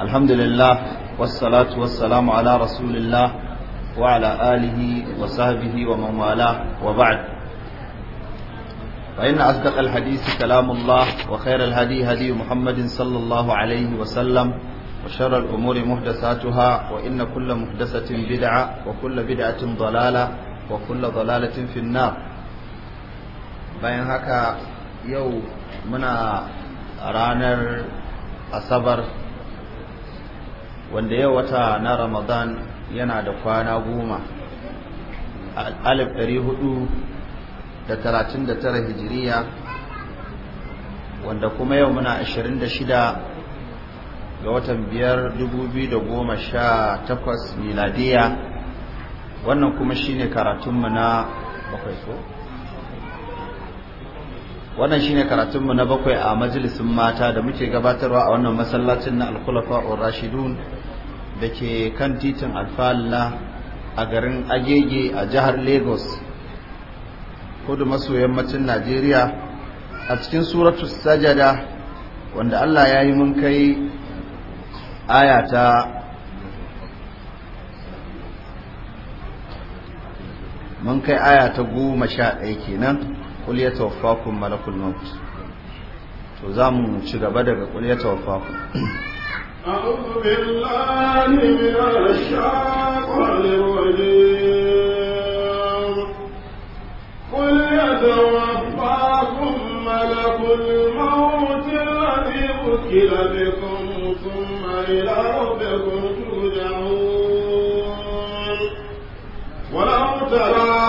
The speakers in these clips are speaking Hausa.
الحمد لله والصلاة والسلام على رسول الله وعلى آله وصحبه ومن والاه وبعد فإن أصدق الحديث كلام الله وخير الهدي هدي محمد صلى الله عليه وسلم وشر الأمور محدثاتها وإن كل محدثة بدعة وكل بدعة ضلالة وكل ضلالة في النار bayan haka yau muna ranar asabar wanda yau wata na ramadan yana da kwana goma alif ɗari hudu da talatin da tara hijiriya wanda kuma yau muna ashirin da shida ga watan biyar dubu biyu da goma sha takwas miladiya wannan kuma shine karatunmu na bakwai so wannan shine karatunmu na bakwai a majalisun mata da muke gabatarwa a wannan masallacin na alkulafa ar-rashidun da ke kan titin alfalla a garin agege a jihar lagos kudu maso yammacin najeriya a cikin suratu sajada wanda allah ya yi mun kai aya ta mun goma sha ɗaya kenan kul ya tawaffakum malakul maut to za mu ci gaba daga kul ya أعوذ بالله من الشيطان الرجيم قل يتوفاكم ملك الموت الذي وكل بكم ثم إلى ربكم ترجعون ولو ترى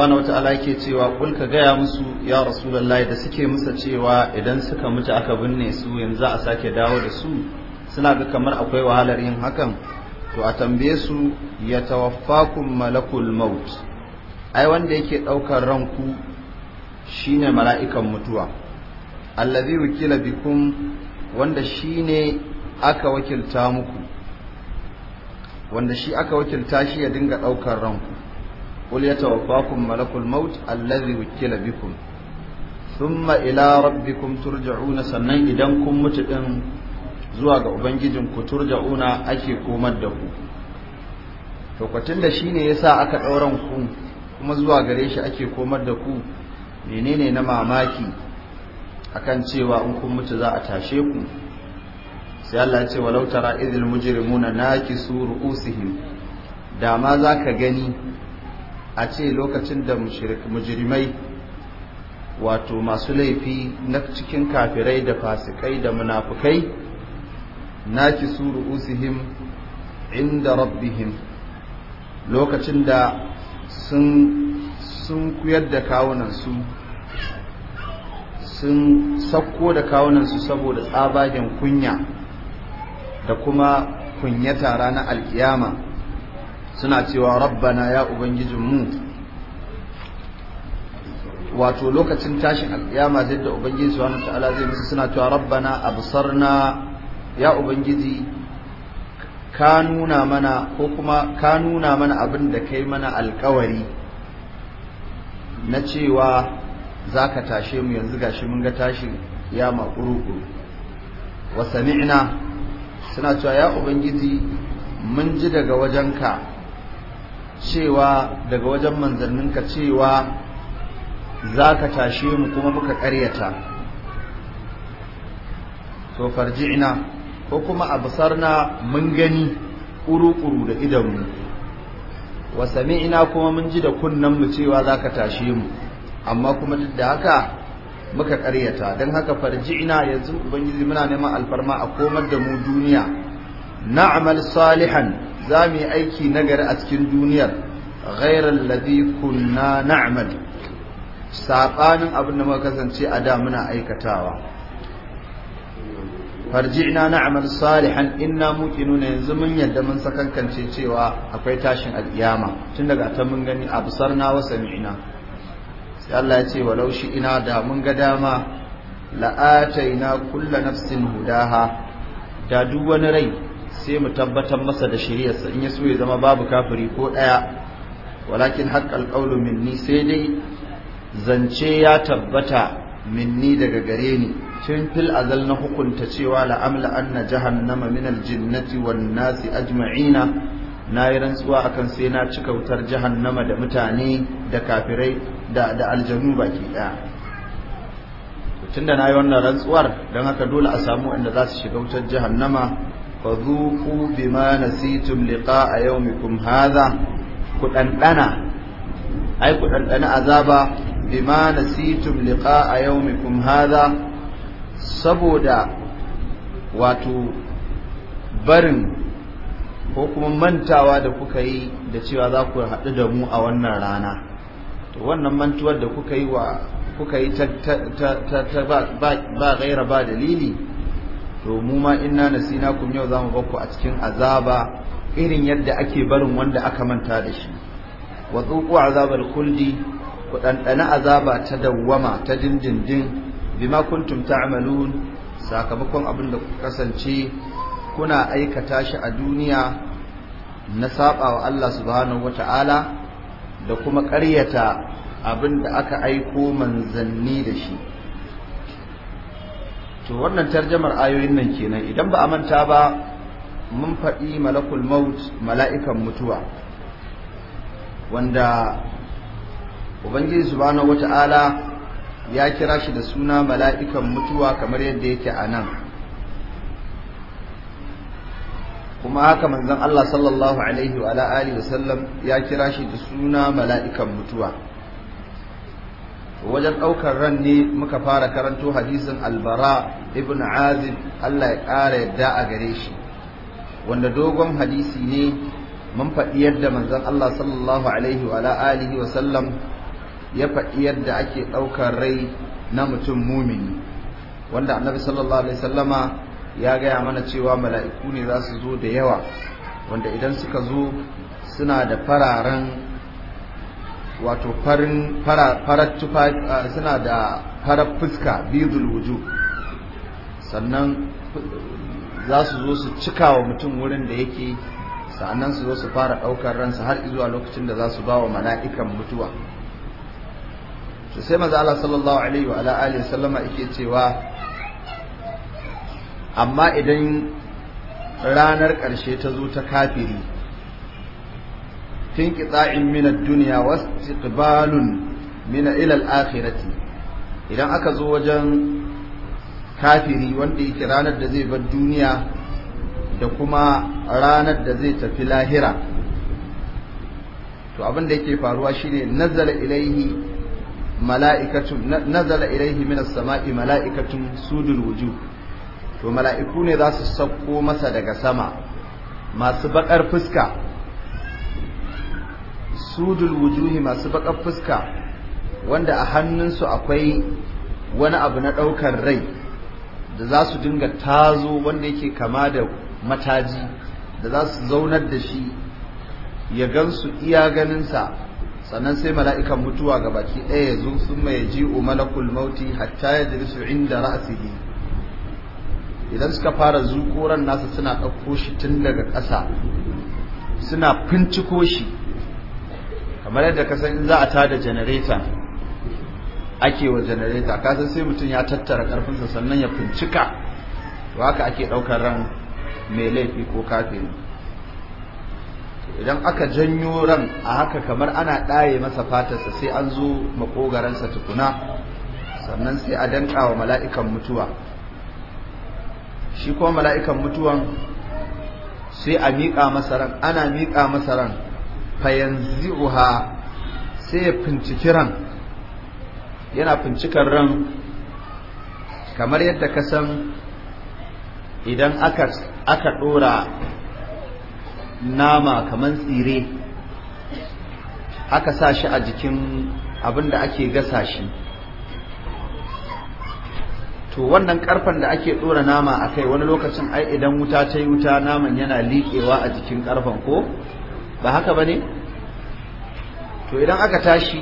subhanahu ta'ala yake cewa kul ka gaya musu ya rasulullahi da suke masa cewa idan suka mutu aka binne su yanzu a sake dawo da su suna ga kamar akwai wahalar yin hakan to a tambaye su ya tawaffakum malakul maut ai wanda yake daukar ranku shine mala'ikan mutuwa allazi wukila bikum wanda shine aka wakilta muku wanda shi aka wakilta shi ya dinga daukar ranku قل يتوفاكم ملك الموت الذي وكل بكم ثم إلى ربكم ترجعون سنن إذا كن متدن zuwa ga ubangijinku turja'una ake komar da ku to kwatin da shine yasa aka dauran ku kuma zuwa gare shi ake komar da ku menene na mamaki akan cewa in kun mutu za a tashe ku sai Allah ya ce walau tara idil mujrimuna nakisu ru'usihim da ma zaka gani a ce lokacin da mujirimai wato masu laifi na cikin kafirai da fasikai da munafukai na ki suru ru'usihim inda rabbihim lokacin da sun sun kuyar da kawunansu sun sakko da kawunansu saboda tsabagen kunya da kuma kunyata ranar alkiyama suna cewa rabbana ya ubangijinmu wato lokacin tashin alkiyama zai da ubangiji subhanahu ta'ala zai musu suna cewa rabbana absarna ya ubangiji ka nuna mana ko kuma ka nuna mana abin da kai mana alkawari na cewa za ka tashe mu yanzu gashi mun ga tashin ya maƙuruƙu wa sami'na suna cewa ya ubangiji mun ji daga wajenka cewa daga wajen manzanninka cewa za ka tashe mu kuma muka karyata to farji'na ko kuma absarna mun gani kuru-kuru da idanmu wa sami'na kuma mun ji da kunnen mu cewa za ka tashe mu amma kuma duk da haka muka karyata don haka farji'na yanzu ubangiji muna neman alfarma a komar da mu duniya na'mal salihan za mu yi aiki na gari a cikin duniyar ghairar ladhi na na'mal saɓanin abin da muka kasance a da muna aikatawa farji'na na'amal salihan muke nuna yanzu mun yadda mun sakankance cewa akwai tashin al'iyama, tun daga ta mun gani na wasa mi'ina sai Allah ya ce walau shi ina da mun ga dama na kulla nafsin hudaha da duk wani rai sai mu tabbatar masa da shiriyarsa in ya so ya zama babu kafiri ko ɗaya walakin haqqal qawlu minni sai dai zance ya tabbata minni daga gare ni tun fil azal na hukunta cewa amla anna jahannama min aljinnati wan nasi ajma'ina na yi rantsuwa akan sai na cika wutar jahannama da mutane da kafirai da da aljanu baki ɗaya tunda na yi wannan rantsuwar don haka dole a samu inda za su shiga wutar jahannama فذوقوا بما نسيتم لقاء يومكم هذا كدندنا اي كدندنا عذابا بما نسيتم لقاء يومكم هذا saboda wato barin ko kuma mantawa da kuka yi da cewa za ku haɗu da mu a wannan rana to wannan mantuwar da kuka yi wa kuka yi ta ba gaira ba dalili to mu ma inna nasina kum yau zamu bakku a cikin azaba irin yadda ake barin wanda aka manta da shi wa zuqu azabal khuldi ku dandana azaba ta dawwama ta dindindin bima kuntum ta'malun sakamakon abin da ku kasance kuna aikata shi a duniya na saba wa Allah subhanahu wata'ala da kuma ƙaryata abin da aka aiko manzanni da shi to wannan tarjamar ayoyin nan kenan idan ba a manta ba mun faɗi malakul maut mala'ikan mutuwa wanda ubangiji subhanahu wata'ala ya kira shi da suna mala'ikan mutuwa kamar yadda yake a nan kuma haka manzon Allah sallallahu alaihi wa alihi wasallam ya kira shi da suna mala'ikan mutuwa wajen ɗaukar ran ne muka fara karanto hadisin albara ibn azib allah ya ƙara yadda a gare shi wanda dogon hadisi ne mun faɗi yadda manzon allah sallallahu alaihi wa alihi wa sallam ya faɗi yadda ake ɗaukar rai na mutum mumini wanda annabi sallallahu alaihi sallama ya gaya mana cewa mala'iku ne za su zo da yawa wanda idan suka zo suna da fararen wato farin farar tufa suna da farar fuska bidul wuju sannan za su zo su cika wa mutum wurin da yake sannan su zo su fara ɗaukar ransa har zuwa lokacin da za su ba wa mala'ikan mutuwa sai maza Allah sallallahu alaihi wa ala alihi sallama yake cewa amma idan ranar ƙarshe ta zo ta kafiri tinqita'in min ad-dunya wastiqbalun min ila al-akhirati idan aka zo wajen kafiri wanda yake ranar da zai bar duniya da kuma ranar da zai tafi lahira to abin da yake faruwa shine nazala ilaihi mala'ikatun nazala ilayhi min as-sama'i mala'ikatun sudul wujuh to mala'iku ne za su sauko masa daga sama masu bakar fuska sudul wujuhi masu bakar fuska wanda a hannunsu akwai wani abu na ɗaukar rai da za su dinga tazo wanda yake kama da mataji da za su zaunar da shi ya gansu iya ganinsa sannan sai mala'ikan mutuwa ga baki ɗaya ya zo sun mai ji malakul mauti hatta ya su inda ra'asihi idan suka fara zuƙoran nasa suna ɗauko shi tun daga ƙasa suna finciko shi kamar yadda ka san in za a tada janareta ake wa janareta ka san sai mutum ya tattara karfinsa sannan ya fincika to haka ake daukar ran mai laifi ko kafin idan aka janyo ran a haka kamar ana ɗaye masa fatarsa sai an zo makogaransa tukuna sannan sai a danka wa mala'ikan mutuwa shi kuma mala'ikan mutuwan sai a mika masa ana mika masaran. fayanzi'uha sai ya finciki ran yana fincikar ran kamar yadda ka san idan aka aka dora nama kamar tsire aka sa shi a jikin abin da ake gasa shi to wannan karfan da ake dora nama a kai wani lokacin ai idan wuta ta yi wuta naman yana liƙewa a jikin karfan ko ba haka bane to idan aka tashi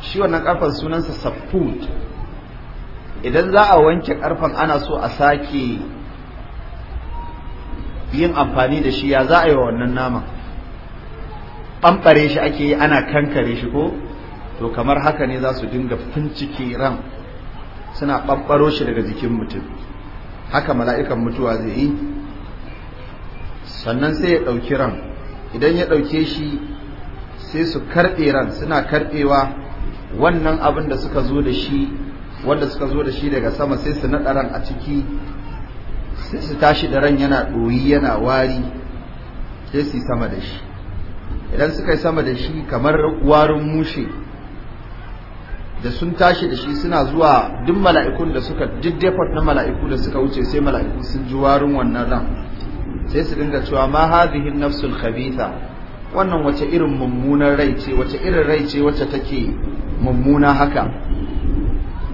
shi wannan karfan sunansa saffut idan za a wanke karfan ana so a sake yin amfani da shi ya za a yi wannan naman ɓamɓare shi ake yi ana kankare shi ko to kamar haka ne za su dinga fincike ran suna ɓamɓaro shi daga jikin mutum haka mala'ikan mutuwa zai yi sannan sai ya ɗauki ran idan ya ɗauke shi sai su karɓe ran suna karɓewa wannan abin da suka zo da shi wanda suka zo da shi daga sama sai su naɗa ran a ciki sai su tashi da ran yana ɗoyi yana wari sai su yi sama da shi idan suka yi sama da shi kamar warin mushe da sun tashi da shi suna zuwa duk mala'ikun da suka duk na mala'iku da suka wuce sai mala'iku sun ji warin wannan ran sai su dinga cewa ma hadhihi nafsul khabitha wannan wace irin mummunan rai ce wace irin rai ce wace take mummuna haka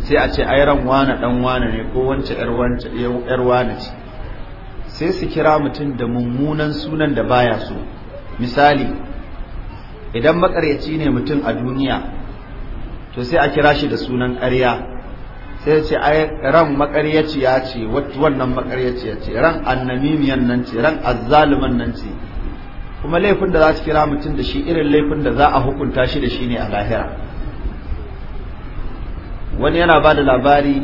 sai a ce ai ran wani dan wani ne ko wance yar wance yar wani ce sai su kira mutum da mummunan sunan da baya so misali idan makaryaci ne mutum a duniya to sai a kira shi da sunan ƙarya sai ce ai ran ya ce wannan ya ce ran annamimiyan nan ce ran azzaluman nan ce kuma laifin da za su kira mutum da shi irin laifin da za a hukunta shi da shi ne a lahira wani yana ba da labari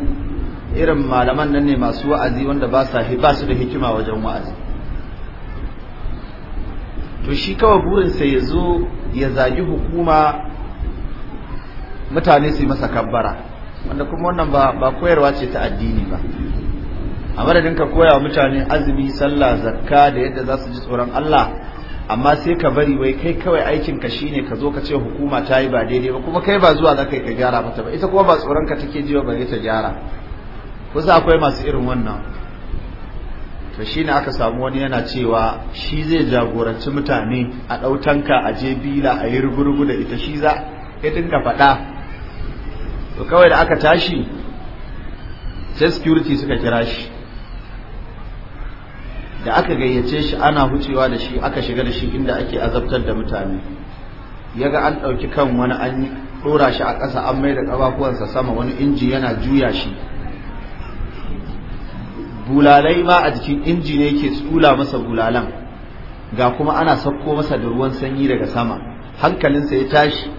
irin malaman nan ne masu wa'azi wanda ba ba su da hikima wajen wa'azi to shi kawai burinsa ya zo ya zagi hukuma mutane su yi masa kabbara wanda kuma wannan ba koyarwa ce ta addini ba a madadin ka koya wa mutane azumi sallah zakka da yadda za su ji tsoron Allah amma sai ka bari wai kai kawai aikin ka shine ka zo ka ce hukuma ta yi ba daidai ba kuma kai ba zuwa za kai ka gyara mata ba ita kuma ba tsoron ka take jiwa ba bare ta gyara kusa akwai masu irin wannan to shine aka samu wani yana cewa shi zai jagoranci mutane a ɗautanka a je bila a yi rugurugu da ita shi za ya dinka faɗa to kawai da aka tashi sai security suka kira shi da aka gayyace shi ana hucewa da shi aka shiga da shi inda ake azabtar da mutane yaga an ɗauki kan wani an dora shi a ƙasa an mai da ƙafafuwansa sama wani inji yana juya shi bulalai ma a jikin inji ne yake tsula masa bulalan ga kuma ana sauko masa da ruwan sanyi daga sama hankalinsa ya tashi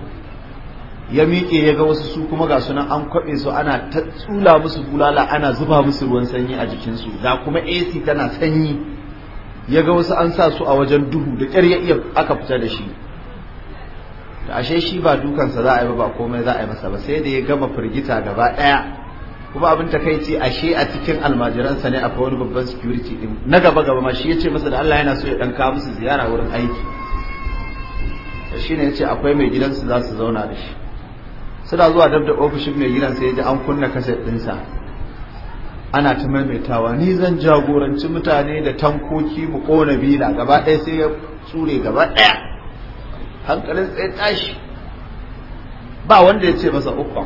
ya miƙe ya ga wasu su kuma ga sunan an kwaɓe su ana ta tsula musu bulala ana zuba musu ruwan sanyi a jikinsu da kuma AC tana sanyi ya ga wasu an sa su a wajen duhu da ƙyar ya iya aka fita da shi da ashe shi ba dukansa za a yi ba komai za a yi masa ba sai da ya gama firgita gaba ɗaya kuma abin ta takaici ashe a cikin almajiransa ne akwai wani babban security din na gaba gaba ma shi ya ce masa da Allah yana so ya ɗan kawo musu ziyara wurin aiki da shi ne ya ce akwai mai gidansu za su zauna da shi suna zuwa dabda ofishin mai gidan sai ya ji an kunna kaset ɗinsa ana ta maimaitawa ni zan jagoranci mutane da tankoki mu kona bila gaba ɗaya sai ya tsure gaba ɗaya hankalin sai tashi ba wanda ya ce masa uku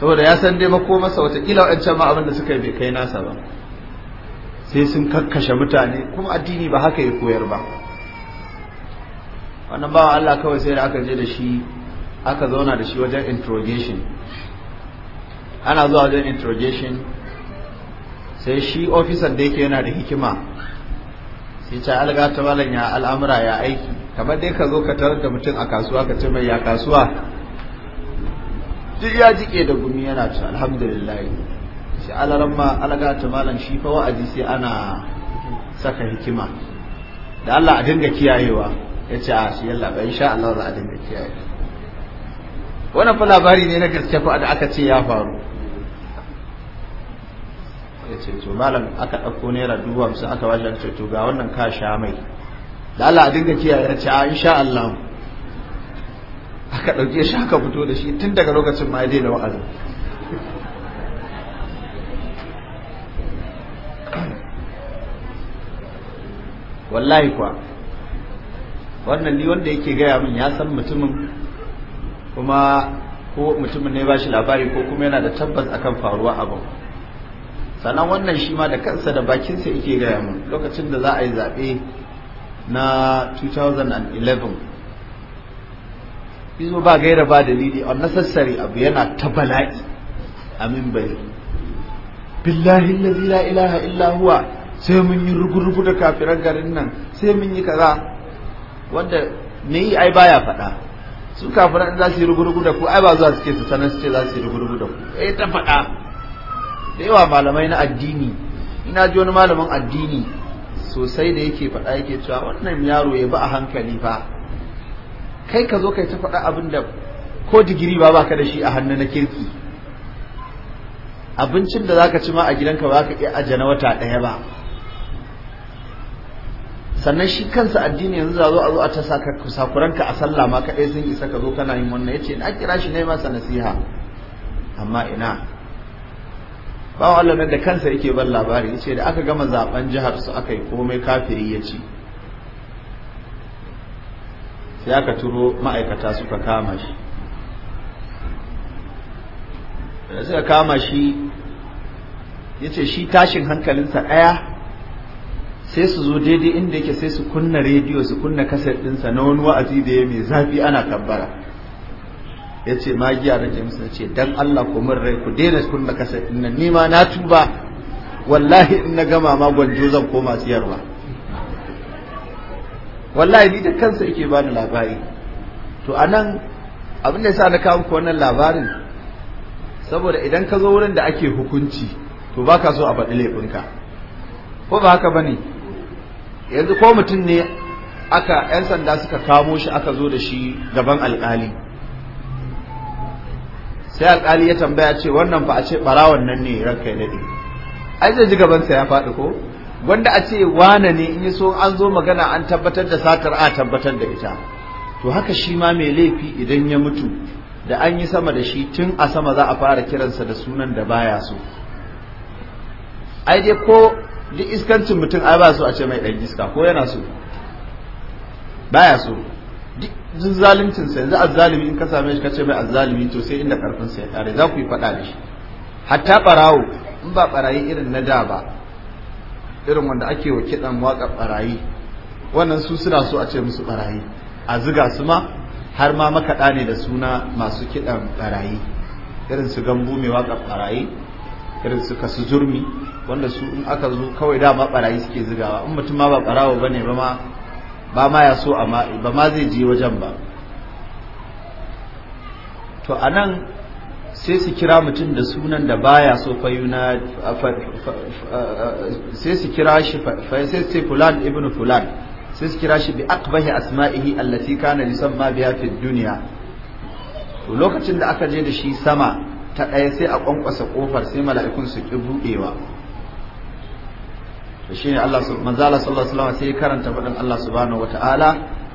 saboda ya san dai mako masa watakila waɗancan ma abin da suka yi bai kai nasa ba sai sun kakkashe mutane kuma addini ba haka ya koyar ba wannan bawan Allah kawai sai da aka je da shi aka zauna da shi wajen interrogation ana zuwa wajen interrogation sai shi ofisan da yake yana da hikima sai ce alga ta malam ya al'amura ya aiki kamar dai ka zo ka tarar da mutum a kasuwa ka ce mai ya kasuwa duk ya jike da gumi yana ta alhamdulillah shi alaran ma alga ta malam shi fa wa'azi sai ana saka hikima da Allah a dinga kiyayewa ya ce a shi yalla bai insha Allah za a dinga kiyayewa wannan fa labari ne na gaske fa da aka ce ya faru ya ce to malam aka ɗauko naira dubu hamsin aka bashi aka ce to ga wannan ka sha mai da Allah a dinga kiya ya ce a insha Allah aka ɗauke shi aka fito da shi tun daga lokacin ma ya daina wa'azi wallahi kuwa wannan ni wanda yake gaya min ya san mutumin kuma ko mutumin ne ba shi labari ko kuma yana da tabbas akan faruwa abu sannan wannan shi ma da kansa da bakinsa yake gaya mun lokacin da za a yi zaɓe na 2011 izo ba gaira ba dalili a nasassari abu yana ta bala'i amin bai billahi allazi la ilaha illa huwa sai mun yi rugurugu da kafiran garin nan sai mun yi kaza wanda ne ai baya faɗa su kafin an za su yi rugurugu da ku ai ba zuwa suke su sanar su ce za su yi rugurugu da ku eh ta faɗa da yawa malamai na addini ina ji wani malamin addini sosai da yake faɗa yake cewa wannan yaro ya ba a hankali fa kai ka zo kai ta faɗa abin da ko digiri ba baka da shi a hannu na kirki abincin da zaka ci ma a gidanka ba ka iya ajana na wata ɗaya ba sannan shi kansa addini yanzu za zo a zo a ta sakuranka a sallah ma kaɗai sun isa ka zo kana yin wannan yace na kira shi ne masa nasiha amma ina bawa Allah da kansa yake ban labari yace da aka gama zaben jihar su aka yi komai kafiri ya ce. sai aka turo ma'aikata suka kama shi da kama shi yace shi tashin hankalinsa ɗaya sai su zo daidai inda yake sai su kunna rediyo su kunna kaset dinsa na wani wa'azi da ya mai zafi ana kabbara ya ce magiya da james na ce dan allah ku min rai ku daina kunna kaset din nan nima na tuba wallahi in na gama ma gwanjo zan koma siyarwa wallahi ni da kansa yake bani labari to anan abin da yasa na kawo muku wannan labarin saboda idan ka zo wurin da ake hukunci to baka so a faɗi laifinka ko ba haka bane yanzu ko mutum ne aka 'yan sanda suka kamo shi aka zo da shi gaban alkali sai alkali ya tambaya ce wannan ba a ce barawan nan ne ranka ya nade ai zai ji gabansa ya faɗi ko wanda a ce wane ne in yi so an zo magana an tabbatar da satar a tabbatar da ita to haka shi ma mai laifi idan ya mutu da an yi sama da shi tun a sama za a fara kiransa da sunan da baya so ai dai ko duk iskancin mutum ai ba so a ce mai dan iska ko yana so baya so duk zalimcin sa yanzu azzalimi in ka same shi ka ce mai azzalimi to sai inda karfin sa ya kare za ku yi faɗa da shi hatta barawo in ba barayi irin na da ba irin wanda ake wa kiɗan waka barayi wannan su suna so a ce musu barayi a ziga su ma har ma makaɗa ne da suna masu kiɗan barayi irin su gambu mai waka barayi irin su kasu zurmi wanda su in aka zo kawai dama barayi suke zigawa in mutum ma ba barawo bane ba ma ba ma ya so amma ba ma zai je wajen ba to anan sai su kira mutum da sunan da baya so fayuna sai su kira shi sai sai fulan ibnu fulan sai su kira shi bi aqbahi asma'ihi allati kana yusamma biha fi dunya to lokacin da aka je da shi sama ta ɗaya sai a kwankwasa kofar sai mala'ikun su ki buɗewa to shine Allah manzo Allah sallallahu alaihi wasallam sai karanta fadin Allah subhanahu wataala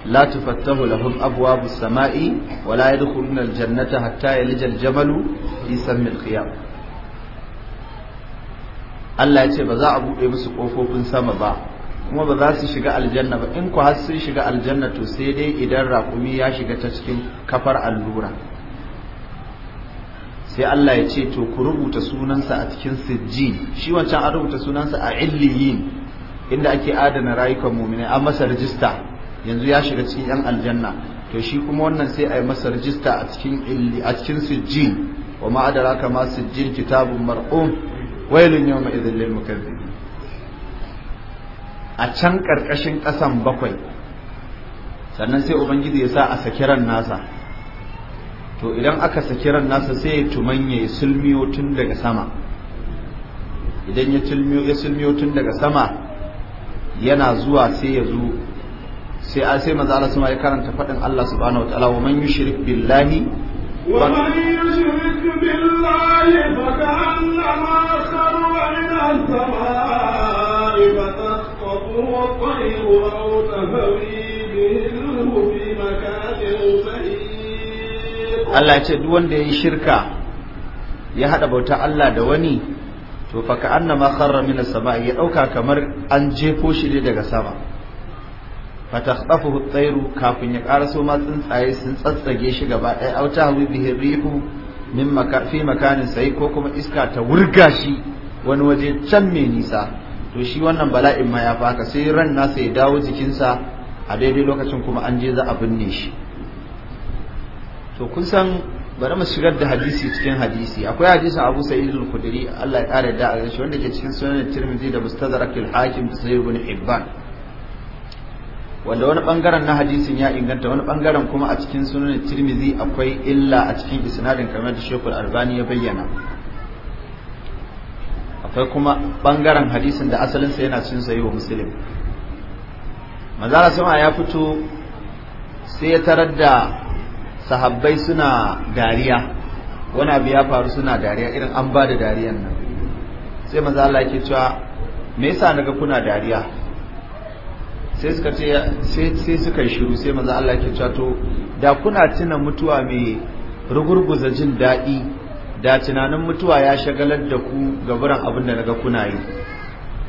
la tufattahu lahum abwabus samai wa la yadkhuluna aljannata hatta yalija Jamalu, fi sammi alqiyam Allah ya ce ba za a bude musu kofofin sama ba kuma ba za su shiga aljanna ba in ku har sun shiga aljanna to sai dai idan raƙumi ya shiga ta cikin kafar allura sai Allah ya ce to ku rubuta sunansa a cikin sijjin shi wancan an rubuta sunansa a illiyin inda ake adana rayukan mu'mini a masa rajista yanzu ya shiga cikin yan aljanna to shi kuma wannan sai a yi masa rajista a cikin illi a cikin sijjin wa ma adraka ma sijjin kitabun mar'um wailun yawma idhil lil mukazzibin a can karkashin kasan bakwai sannan sai ubangiji ya sa a sakiran nasa to idan aka saki ran nasa sai ya tumanye sulmiyo tun daga sama idan ya tulmiyo ya sulmiyo tun daga sama yana zuwa sai ya zo sai a sai maza Allah sama ya karanta faɗin Allah subhanahu wa ta'ala wa man yushrik billahi wa man yushrik billahi fa ka'annama sarwa ila as-samaa'i fa tasqatu wa tayru aw tahawi Allah ya ce duk wanda ya yi shirka ya haɗa bauta Allah da wani to fa ka annama kharra min as-sama' ya dauka kamar an jefo shi ne daga sama fa takhtafuhu at-tayru kafin ya so ma tsuntsaye sun tsatsage shi gaba ɗaya auta hu bihi rihu min fi makanin sai ko kuma iska ta wurga shi wani waje can mai nisa to shi wannan bala'in ma ya faka sai ran nasa ya dawo jikinsa a daidai lokacin kuma an je za a binne shi to kun san bari mu shigar da hadisi cikin hadisi akwai hadisin Abu Sa'id al-Khudri Allah ya kare da a shi wanda ke cikin sunan Tirmidhi da Mustadrak al-Hakim da Sahih ibn Hibban wanda wani bangaren na hadisin ya inganta wani bangaren kuma a cikin sunan Tirmidhi akwai illa a cikin isnadin kamar da Sheikh al-Albani ya bayyana akwai kuma bangaren hadisin da asalin sa yana cikin Sahih Muslim manzara sama ya fito sai ya tarar da sahabbai suna dariya wani abu ya faru suna dariya irin an ba da dariyan nan sai maza Allah ke cewa me yasa naga kuna dariya sai suka ce sai suka shiru sai maza Allah ke cewa to da kuna tuna mutuwa mai rugurguza jin daɗi da tunanin mutuwa ya shagalar da ku ga buran abin da naga kuna yi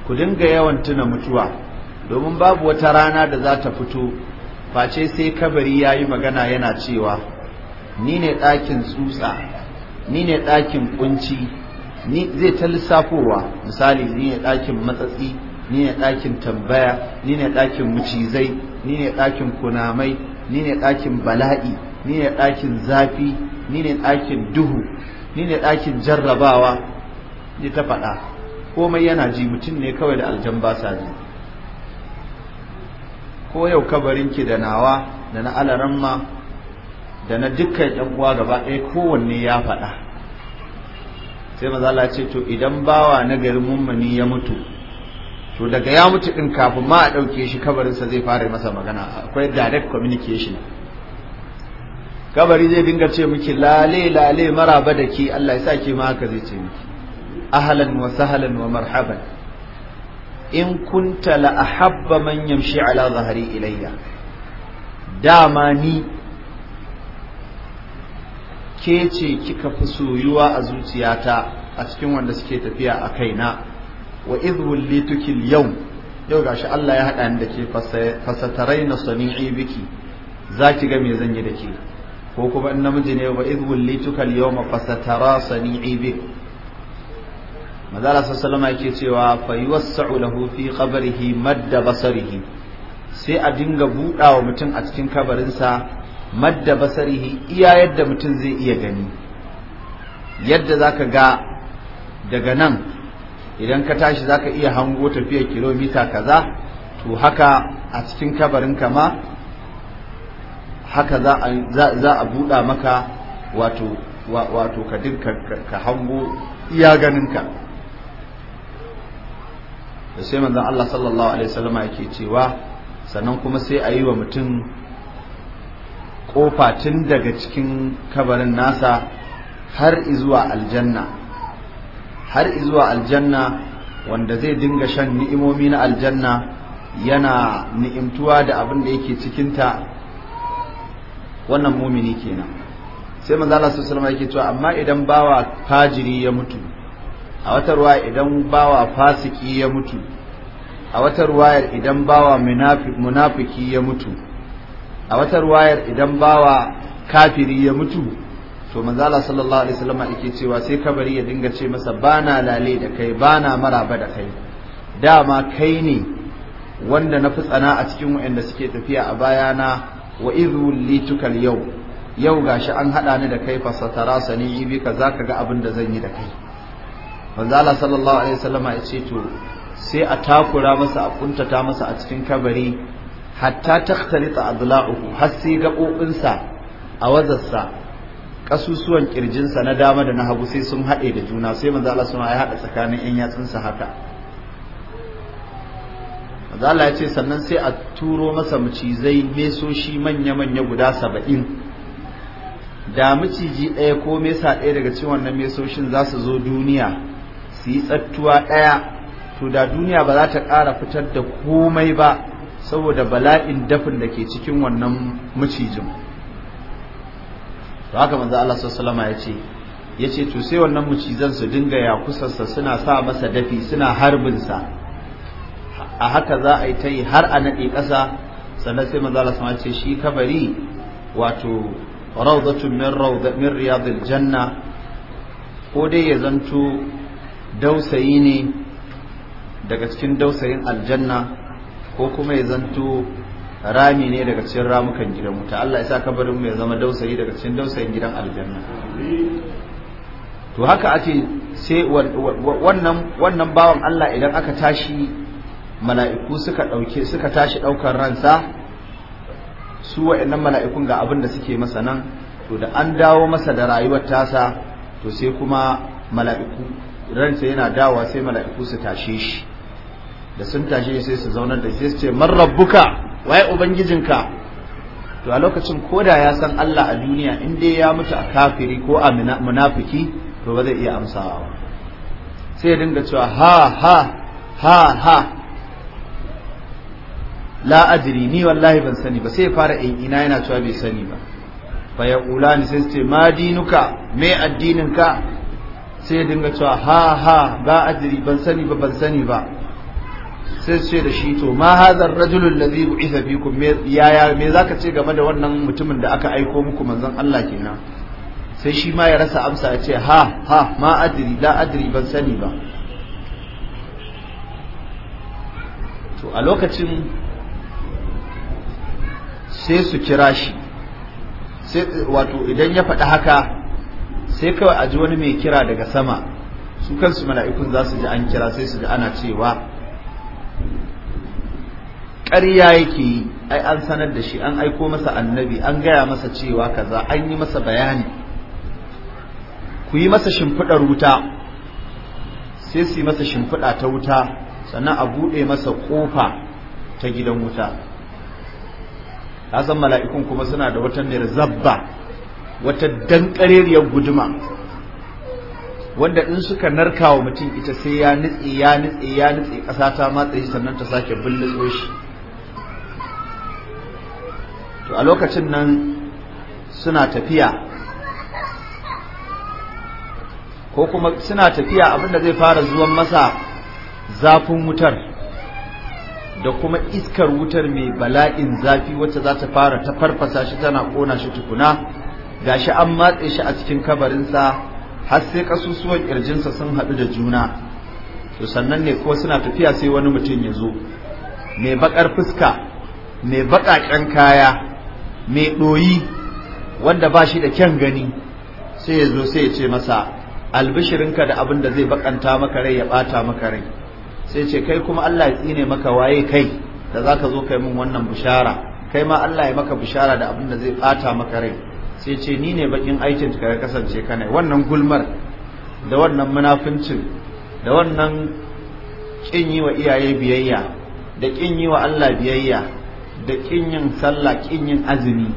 ku dinga yawan tuna mutuwa domin babu wata rana da za ta fito face sai kabari ya yi magana yana cewa ni ne ɗakin tsutsa ni ne ɗakin ƙunci, ni zai ta lissafowa misali ni ne ɗakin matsatsi ni ne ɗakin tambaya ni ne ɗakin mucizai ni ne ɗakin kunamai ni ne ɗakin bala'i ni ne ɗakin zafi ni ne ɗakin duhu ni ne ɗakin jarrabawa ni ta faɗa komai yana ji mutum ne kawai da aljan ba sa ji ko yau kabarinki da nawa da na alaramma da na dukkan ɗan uwa gaba ɗaya kowanne ya faɗa sai mazala ce to idan bawa na garin mummuni ya mutu to daga ya mutu ɗin kafin ma a ɗauke shi kabarinsa zai fara masa magana akwai direct communication kabari zai dinga ce miki lale lale maraba da ki Allah ya sa ki ma haka zai ce miki ahlan wa sahlan wa marhaban in kunta la ahabba man yamshi ala zahari ilayya dama ni ke ce kika fi soyuwa a zuciyata a cikin wanda suke tafiya a kaina wa idhul wullitukil yau yau gashi Allah ya hada ni da ke fasataraina sani'i biki zaki ga me zan yi da ko kuma in namiji ne wa idhul wullitukal yawma fasatara sani'i biki manzala sallallahu alaihi yake cewa fa yuwassa'u lahu fi qabrihi madda basarihi sai a dinga budawa mutum a cikin kabarinsa madda basarihi iya yadda mutum zai iya gani yadda zaka ga daga nan idan ka tashi zaka iya hango tafiya kilomita kaza to haka a cikin kabarin ma haka za a buɗa maka wato ka hango iya ganinka da sai manzon Allah sallallahu alaihi wasallama yake cewa sannan kuma sai a yi wa mutum kofa tun daga cikin kabarin nasa har izuwa aljanna har izuwa aljanna wanda zai dinga shan ni'imomi na aljanna yana ni'imtuwa da abin da yake cikinta wannan mumini kenan sai manzo Allah sallallahu alaihi wasallam yake cewa amma idan bawa fajiri ya mutu a wata ruwa idan bawa fasiki ya mutu a wata ruwayar idan bawa munafiki ya mutu a wata ruwayar idan bawa kafiri ya mutu to manzala sallallahu alaihi wasallam yake cewa sai kabari ya dinga ce masa bana lale da kai bana maraba da kai dama kai ne wanda na fi tsana a cikin waɗanda suke tafiya a bayana wa idhu tukal yau yau gashi an hada ni da kai fasatara sani bi ka zaka ga abin da zan yi da kai manzo sallallahu alaihi wasallam ya ce to sai a takura masa a kuntata masa a cikin kabari hatta takhtalita adla'uhu har sai sa a wazarsa kasusuwan kirjinsa na dama da na hagu sai sun haɗe da juna sai manzo Allah sun ya haɗa tsakanin yan yatsunsa haka manzo ya ce sannan sai a turo masa macizai mesoshi manya manya guda saba'in da maciji ɗaya ko mesa ɗaya daga cikin wannan mesoshin za su zo duniya su yi tsattuwa ɗaya to da duniya ba za ta ƙara fitar da komai ba saboda bala'in dafin da ke cikin wannan macijin to haka manzo Allah sallallahu alaihi ya ce yace to sai wannan macizan su dinga ya kusarsa suna sa masa dafi suna harbin sa a haka za a yi ta yi har a naɗe ƙasa sannan sai manzo Allah sallallahu alaihi ce shi kabari wato rawdatu min rawdatu min riyadil janna ko dai ya zanto dausayi ne daga cikin dausayin aljanna ko kuma ya zanto rami ne daga cikin ramukan gidan mu ta Allah ya sa kabarin ya zama dausayi daga cikin dausayin gidan aljanna to haka ake sai wannan wannan bawan Allah idan aka tashi mala'iku suka dauke suka tashi daukar ransa su wa'annan mala'ikun ga abin da suke masa nan to da an dawo masa da rayuwar tasa to sai kuma mala'iku ransa yana dawa sai mala'iku su tashe shi da sun tashe sai su zaunar da shi sai su ce man rabbuka waye ubangijinka to a lokacin koda ya san Allah a duniya in dai ya mutu a kafiri ko a munafiki to ba zai iya amsawa ba sai ya dinga cewa ha ha ha ha la ajri ni wallahi ban sani ba sai ya fara in ina yana cewa bai sani ba fa ya ni sai su ce ma dinuka me addinin ka sai ya dinga cewa ha ha ba ajiri ban sani ba ban sani ba sai ce da shi to ma hadhar rajulul ladhi bu'itha fikum me yaya me zaka ce game da wannan mutumin da aka aiko muku manzon Allah kenan sai shi ma ya rasa amsa ya ce ha ha ma ajiri la ajiri ban sani ba to a lokacin sai su kira shi sai wato idan ya faɗi haka sai kawai a ji wani mai kira daga sama su kansu mala'ikun za su ji an kira sai su ji ana cewa ƙarya yake yi ai an sanar da shi an aiko masa annabi an gaya masa cewa kaza an yi masa bayani ku yi masa shimfiɗar wuta sai su yi masa shimfiɗa ta wuta sannan a buɗe masa ƙofa ta gidan wuta ka san mala'ikun kuma suna da wata nirzabba wata dankareriyar guduma wanda in suka narka wa mutum ita sai ya nitse ya nitse ya nitse ƙasa ta matse shi sannan ta sake bullitso shi to a lokacin nan suna tafiya ko kuma suna tafiya abinda zai fara zuwan masa zafin wutar da kuma iskar wutar mai bala'in zafi wacce za ta fara ta farfasa shi tana kona shi tukuna gashi an matse shi a cikin kabarinsa har sai kasusuwan ƙirjinsa sun haɗu da juna to sannan ne ko suna tafiya sai wani mutum ya zo mai baƙar fuska mai baƙaƙen kaya mai ɗoyi wanda ba shi da kyan gani sai ya zo sai ya ce masa albishirinka da abin da zai bakanta maka rai ya ɓata maka rai sai ce kai kuma Allah ya tsine maka waye kai da zaka zo kai min wannan bishara kai ma Allah ya maka bishara da abin da zai ɓata maka rai sai ce ni ne bakin aikin ka kasance kana wannan gulmar da wannan munafincin da wannan kin yi wa iyaye biyayya da kin yi wa Allah biyayya da kin yin sallah kin yin azumi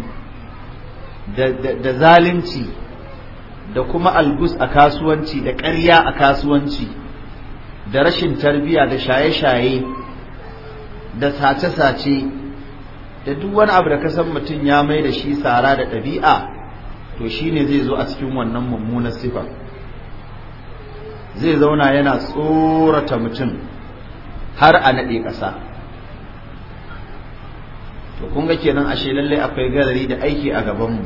da zalunci da kuma albus a kasuwanci da ƙarya a kasuwanci da rashin tarbiya da shaye-shaye da sace-sace da duk wani abu da kasan mutum ya mai da shi tsara da ɗabi'a to shi ne zai zo a cikin wannan mummunan sifa zai zauna yana tsorata mutum har a naɗe ƙasa to kun ga kenan ashe lallai akwai gadari da aiki a gabanmu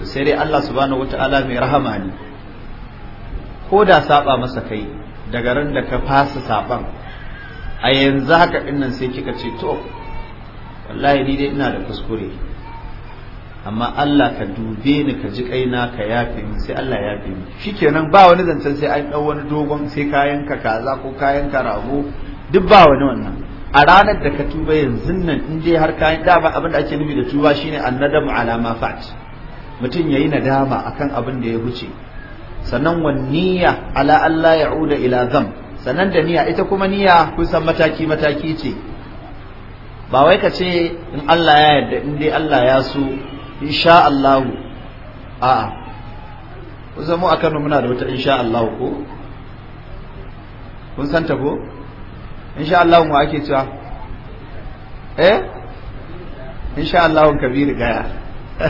to sai dai Allah subhanahu wata'ala mai rahama ne ko da saba masa kai daga ran da ka fasa saban a yanzu haka nan sai kika ce to wallahi ni dai ina da kuskure amma Allah ka dube ni ka ji kaina ka yafe ni sai Allah ya yafe ni shikenan ba wani zancen sai an dau wani dogon sai kayan ka kaza ko kayan ka rago duk ba wani wannan a ranar da ka tuba yanzu nan in dai har kayan da ba abin da ake nufi da tuba shine annadamu ala ma fa'at mutum yayi nadama akan abin da ya wuce sannan wan niyya ala Allah ya'uda ila zam sannan da niyya ita kuma niyya kusan mataki mataki ce ba wai ka ce in Allah ya yarda in dai Allah ya so insha Allah a'a san mu a Kano muna da wata insha Allah ko kun san ta ko insha Allah mu ake cewa eh insha Allah kabir gaya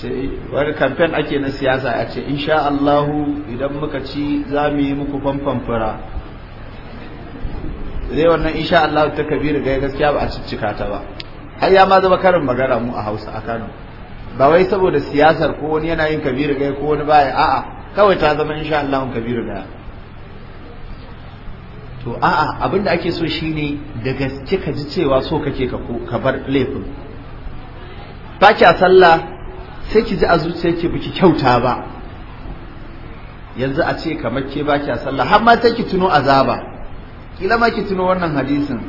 ce wani campaign ake na siyasa ya ce insha Allah idan muka ci za mu yi muku famfan fura zai wannan insha Allah ta kabir gaya gaskiya ba a ciccika ta ba Har ya ma zama karin magana mu a Hausa a Kano ba wai saboda siyasar ko wani yana yin kabiru gai ko wani baya a'a kawai ta zama insha Allah kabiru gaya. to a'a abin da ake so shine da gaske ka ji cewa so kake ka ka bar laifin ba a sallah sai ki ji a zuciyarki biki kyauta ba yanzu a ce kamar ke ba kya sallah har ma sai ki tuno azaba kila ma ki tuno wannan hadisin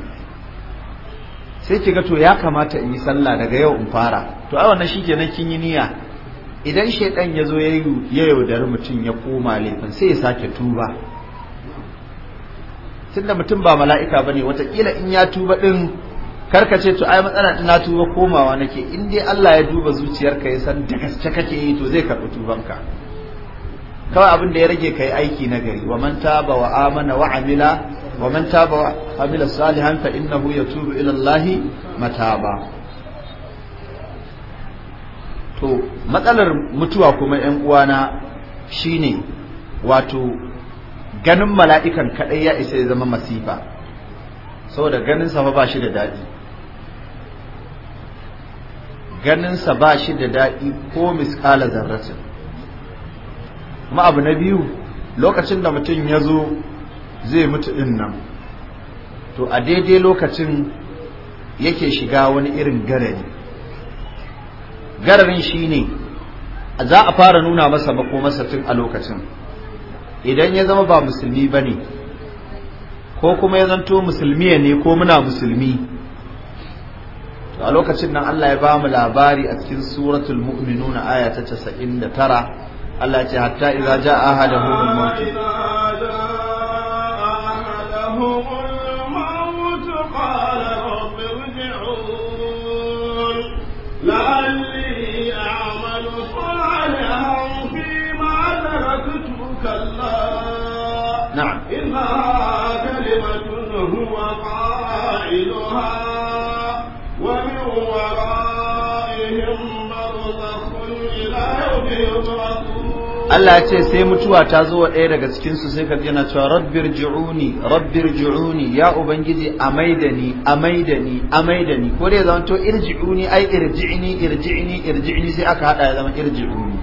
sai ki ga to ya kamata in yi sallah daga yau in fara to a wannan shikenan kin yi niyya idan shaidan ya zo ya yaudari mutum ya koma laifin sai ya sake tuba tunda mutum ba mala'ika ne watakila in ya tuba din karka ce to ai matsala ina tuba komawa nake in dai Allah ya duba zuciyarka ya san da gaske kake yi to zai karɓi tubanka kawai abin da ya rage kai aiki na gari wa man taba wa amana wa amila wa man taba wa amila salihan fa innahu yatubu ila Allah mataba to matsalar mutuwa kuma ƴan uwana shine wato ganin mala'ikan kadai ya isa ya zama masifa saboda ganin sa fa ba shi da daɗi ganin sa ba shi da daɗi ko misqala zarratin kuma abu na biyu lokacin da mutum ya zo zai mutu din nan to a daidai lokacin yake shiga wani irin garari gararin shine za a fara nuna masa masa tun a lokacin idan ya zama ba musulmi ba ne ko kuma ya zanto musulmiya ne ko muna musulmi to a lokacin nan Allah ya ba mu labari a cikin suratul mu'minuna aya ta 99 Allah ya ce hatta idza jaa ahaduhum al-maut أدركهم الموت قال رب ارجعون لعلي أعمل صالحا فيما تركت كلا نعم إنها كلمة هو قائلها ومن ورائهم مرضخ إلى يوم Allah ya ce sai mutuwa ta zo wa ɗaya daga cikin su sai kaji yana cewa rabbir ji'uni rabbir ji'uni ya ubangiji amai da ni amai da ni amai da ni ko dai zama to irji'uni ai irji'ni irji'ni irji'ni sai aka hada ya zama irji'uni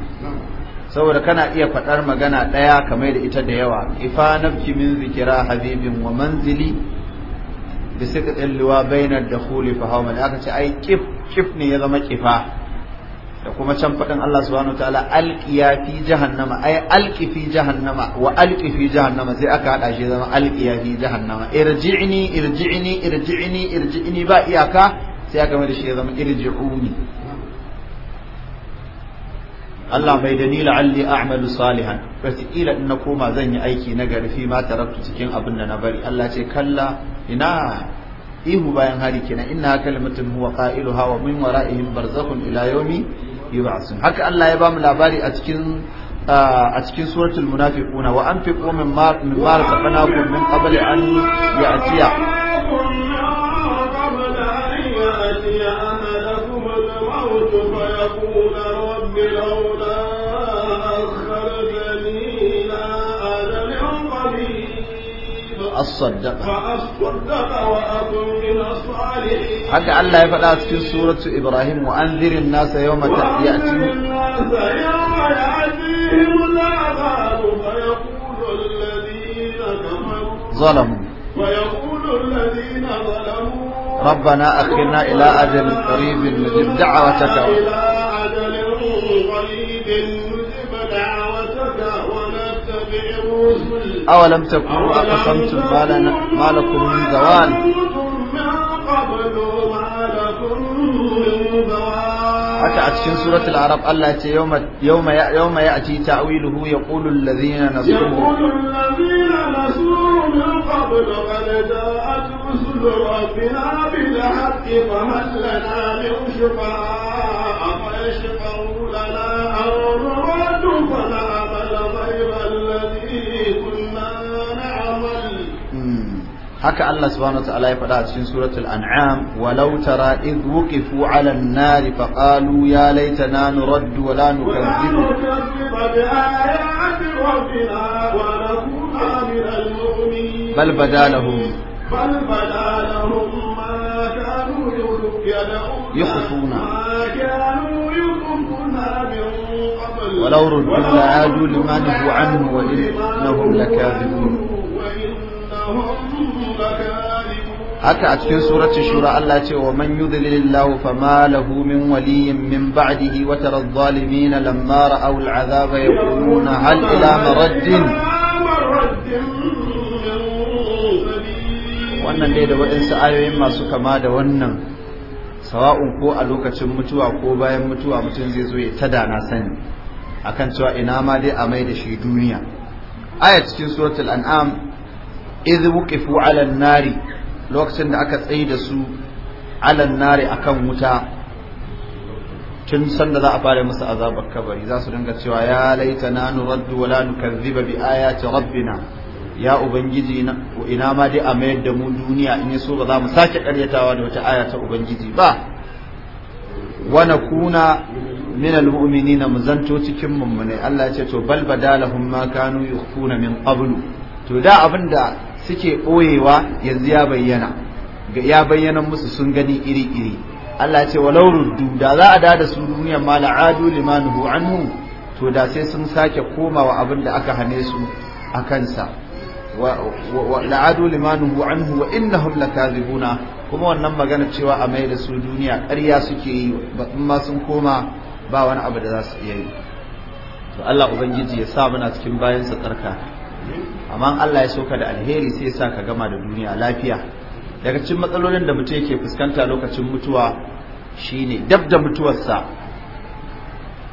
saboda kana iya faɗar magana ɗaya kamar da ita da yawa ifa nafki min zikira habibin wa manzili bi siqatil liwa bainar dukhuli fa hawmal aka ce ai kif kif ne ya zama kifa da kuma can faɗin Allah subhanahu wataala alqiya fi jahannama ay alqi fi jahannama wa alqi fi jahannama sai aka hada shi zama alqiya fi jahannama irji'ni irji'ni irji'ni irji'ni ba iyaka sai aka mai shi zama irji'uni Allah mai da Alli, la'alli a'malu salihan wataƙila in na koma zan yi aiki na gari fi ma taraktu cikin abin da na bari Allah ce kalla ina ihu bayan hari kenan inna kalimatun huwa qailuha wa min wara'ihim barzakhun ila yawmi haka Allah ya ba labari a cikin a cikin suratul munafiquna wa anfiqu mimma mimma razaqnakum min qabli an ya'tiya فأصدق حتى الله يفعل في سورة إبراهيم وأنذر الناس يوم يأتيهم يوم يأتيهم العذاب فيقول الذين كفروا ظلموا ويقول الذين ظلموا ربنا أخرنا إلى أجل قريب نجب دعوتك إلى أجل قريب أولم تكونوا أقسمتم ما, لنا ما لكم من زوال حكى أتشن سورة العرب قال الله يوم, يوم, يوم يأتي تعويله يقول الذين نصروا يقول الذين نصروا من قبل قد جاءت رسل ربنا بالحق فهل لنا من شفاعه haka Allah subhanahu wataala ya faɗa a cikin suratul an'am walau tara idh wuqifu 'ala an-nar fa qalu ya laitana nuraddu wa la nukadzibu bal badalahum bal badalahum ma kanu yakhfuna ولو ردوا لعادوا لما نهوا عنه وإنهم لكاذبون وإنهم haka a cikin suratul shura Allah ce wa man yudlilillahu fama lahu min waliyyin min ba'dihi wa tara adh-dhalimin lamma ra'aw al'adhaba yaquluna hal ila maraddin wannan dai da waɗansa ayoyin masu kama da wannan sawa'un ko a lokacin mutuwa ko bayan mutuwa mutum zai zo ya tada na sani akan cewa ina ma dai a mai da shi duniya aya cikin suratul an'am idh wuqifu 'ala an-nari lokacin da aka tsaye da su alan nare kan wuta tun sanda za a fara musu azabar kabari za su dinga cewa ya laita na nuraddu wa la nukadhiba bi ayati rabbina ya ubangiji na ina ma dai a mayar da mu duniya in yaso ba za mu sake karyatawa da wata aya ta ubangiji ba wa nakuna min almu'minina mu zanto cikin mummune Allah ya ce to bal badalahum ma kanu yukhuna min qablu to da abinda suke ɓoyewa yanzu ya bayyana ya bayyana musu sun gani iri-iri Allah ce wa ruddu da za a dada su duniyar ma la'adu limanuhu anhu to da sai sun sake komawa abin da aka hane su a kansa la'adu limanuhu anhu wa innahum lakazibuna kuma wannan magana cewa a mai da su duniya ƙarya suke yi in ma sun koma ba wani abu da za su iya yi to Allah ubangiji ya sa muna cikin bayan sa tsarka amma Allah ya soka da alheri sai sa ka gama da duniya lafiya daga cikin matsalolin da mutum yake fuskanta lokacin mutuwa shine dab da mutuwarsa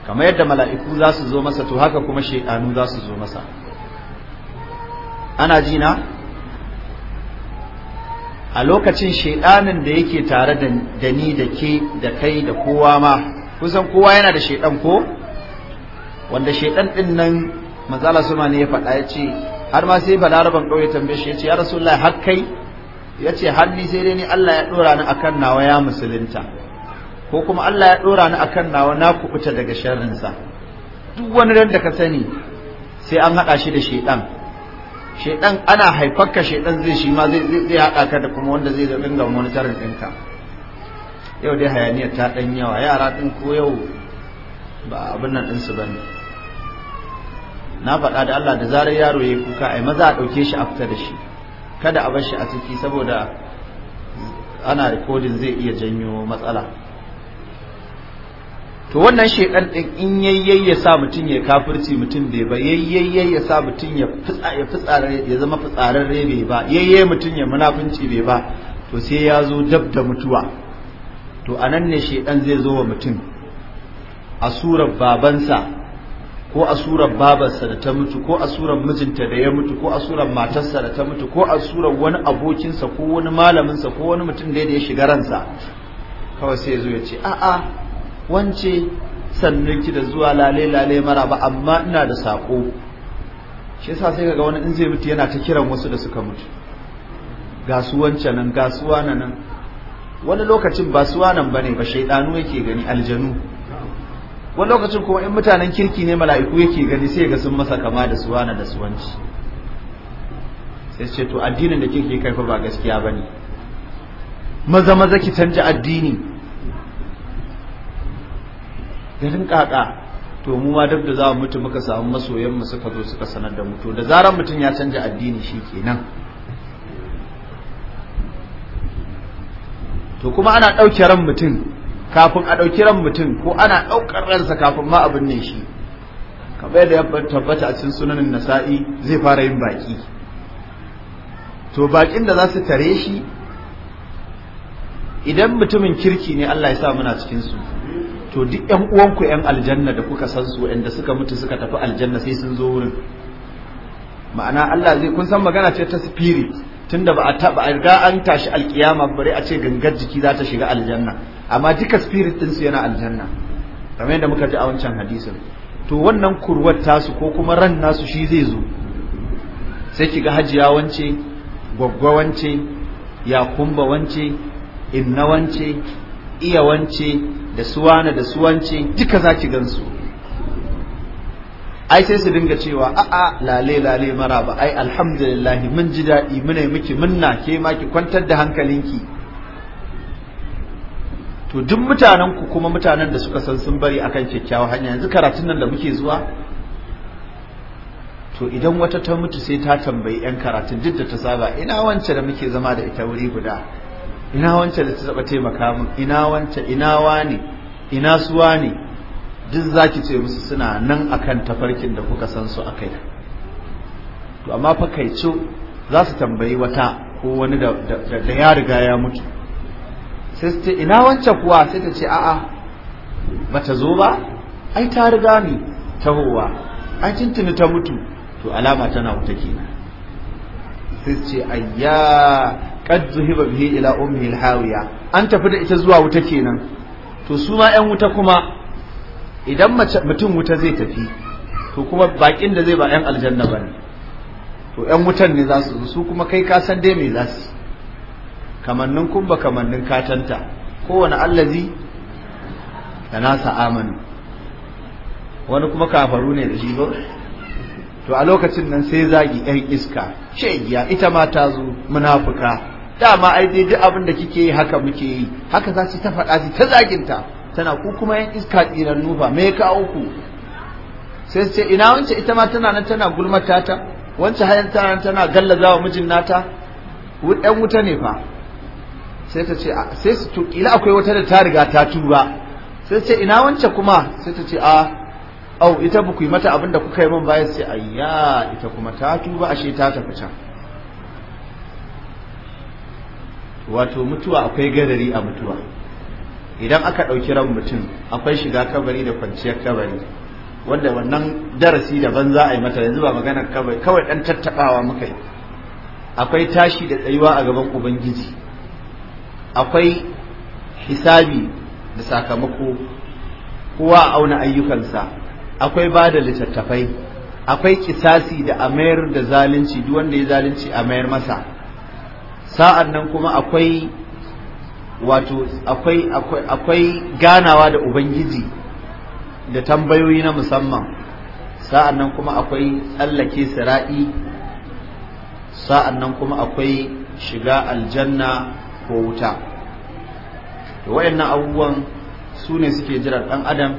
kamar yadda mala'iku za su zo masa to haka kuma shaytanu za su zo masa ana ji na a lokacin shaytanin da yake tare da ni da ke da kai da kowa ma kusan kowa yana da shaytan ko wanda shaytan din nan manzala suma ne ya faɗa ya ce har ma sai balaraban ƙauye tambaye shi ya ce ya rasu rasulullahi har kai ya ce har sai dai ni Allah ya ɗora ni akan nawa ya musulunta ko kuma Allah ya ɗora ni akan nawa na kuɓuta daga sharrinsa duk wani ran da ka sani sai an haɗa shi da shaiɗan shaiɗan ana haifar haifarka shaiɗan zai shi ma zai haɗa ka da kuma wanda zai dinga tarin ɗinka yau dai hayaniyar ta ɗan yawa yara ɗin ko yau ba abin nan ɗinsu ba ne na faɗa da Allah da zarar yaro ya yi kuka yi, maza a ɗauke shi a fita da shi kada a bar shi a ciki saboda ana rikodin zai iya janyo matsala to wannan shekar ɗin in yayyayi ya sa mutum ya kafirci mutum bai ba yayyayi ya sa mutum ya fitsa ya zama fitsarar bai ba yayyayi mutum ya munafunci bai ba to sai ya zo dab da mutuwa to anan ne shekan zai zo wa mutum a surar babansa ko a surar babarsa da ta mutu ko a surar mijinta da ya mutu ko a surar matarsa da ta mutu ko a surar wani abokinsa ko wani malaminsa ko wani mutum da ya shiga ransa kawai sai ya zo ya ce a'a wance sannan ki da zuwa lale lale mara ba amma ina da sako shi yasa sai kaga wani in zai mutu yana ta kiran wasu da suka mutu gasuwanci nan wani nan wani lokacin ba suwa ba bane ba shaidanu yake gani aljanu wani lokacin kuma in mutanen kirki ne mala'iku yake gani sai ga sun masa kama da suwana da suwanci sai ce to addinin da kirki kai fa ba gaskiya bane maza maza ki canja addini garin kaka to mu ma duk da za mu mutu muka samu masoyan mu suka zo suka sanar da mu to da zaran mutum ya canja addini shi shikenan to kuma ana ɗauke ran mutum kafin a ɗauki ran mutum ko ana ɗaukar ransa kafin ma abin ne shi kamar yadda ya tabbata a cikin sunanin nasa'i zai fara yin baki to bakin da za su tare shi idan mutumin kirki ne Allah ya sa muna cikin su to duk ƴan uwanku ƴan aljanna da kuka san su wanda suka mutu suka tafi aljanna sai sun zo wurin ma'ana Allah zai kun san magana ce ta spirit tunda ba a taba riga an tashi alkiyama bare a ce gangar jiki za ta shiga aljanna amma duka spirit din su yana aljanna kamar yadda muka ji a wancan hadisin to wannan kurwar tasu ko kuma ran nasu shi zai zo sai kiga hajiya wance gwaggwa wance yakumba wance inna wance iya wance da suwana da suwance duka za ki gansu ai sai su dinga cewa a'a lale lale mara ba ai alhamdulillah mun ji daɗi yi miki munna ke ma ki kwantar da hankalinki to duk mutanen ku kuma mutanen da suka san sun bari akan kyakkyawa hanya yanzu karatun nan da muke zuwa to idan wata ta mutu sai ta tambayi yan karatun duk da ta saba ina wance da muke zama da ita wuri guda ina wance da ta zaba taimaka min ina wance ina wani ina suwa ne duk za ki ce musu suna nan a kan tafarkin da kuka san su yi. to amma fa kai ce za su tambayi wata ko wani da ya riga ya mutu sai su ce ina wancan kuwa sai ta ce a'a bata zo ba ai ta riga ni tahowa ai tuntuni ta mutu to alama tana wuta kenan sai su ce ayya kad zuhiba bihi ila ummi alhawiya an tafi da ita zuwa wuta kenan to su ma yan wuta kuma idan mutum wuta zai tafi to kuma bakin da zai ba 'yan aljanna ba ne to 'yan wutan ne za su su kuma kai ka san dai me za su kamannin kumba kamannin katanta kowane allazi da nasa amanu wani kuma kafaru ne da shi ba to a lokacin nan sai zagi yan iska ce ya ita ma ta zo munafuka dama ai dai abin da kike yi haka muke yi haka za su ta faɗa ta zaginta tana ku kuma yan iska tsiran nufa me ka auku? sai ce ina wance ita ma tana nan tana gulmata ta wance hayan tana tana wa mijin nata ɗan wuta ne fa sai ta ce sai su to kila akwai wata da ta riga ta tuba sai ce ina wance kuma sai ta ce a au ita ba ku yi mata abin da kuka yi min bayan sai ayya ita kuma ta tuba ashe ta tafi can wato mutuwa akwai gadari a mutuwa idan aka ɗauki ran mutum akwai shiga kabari da kwanciyar kabari wanda wannan darasi daban za a yi mata yanzu ba magana kabari kawai ɗan tattaɓawa muka yi akwai tashi da tsayuwa a gaban ubangiji akwai hisabi da sakamako kowa a auna ayyukansa akwai ba da littattafai akwai kisasi da amayar da zalunci duk wanda ya zalunci a mayar masa sa'an nan kuma akwai wato akwai akwai ganawa da ubangiji da tambayoyi na musamman sa'an nan kuma akwai tsallake sira'i sa'an nan kuma akwai shiga aljanna ko wuta waɗannan abubuwan su ne suke jiran ɗan adam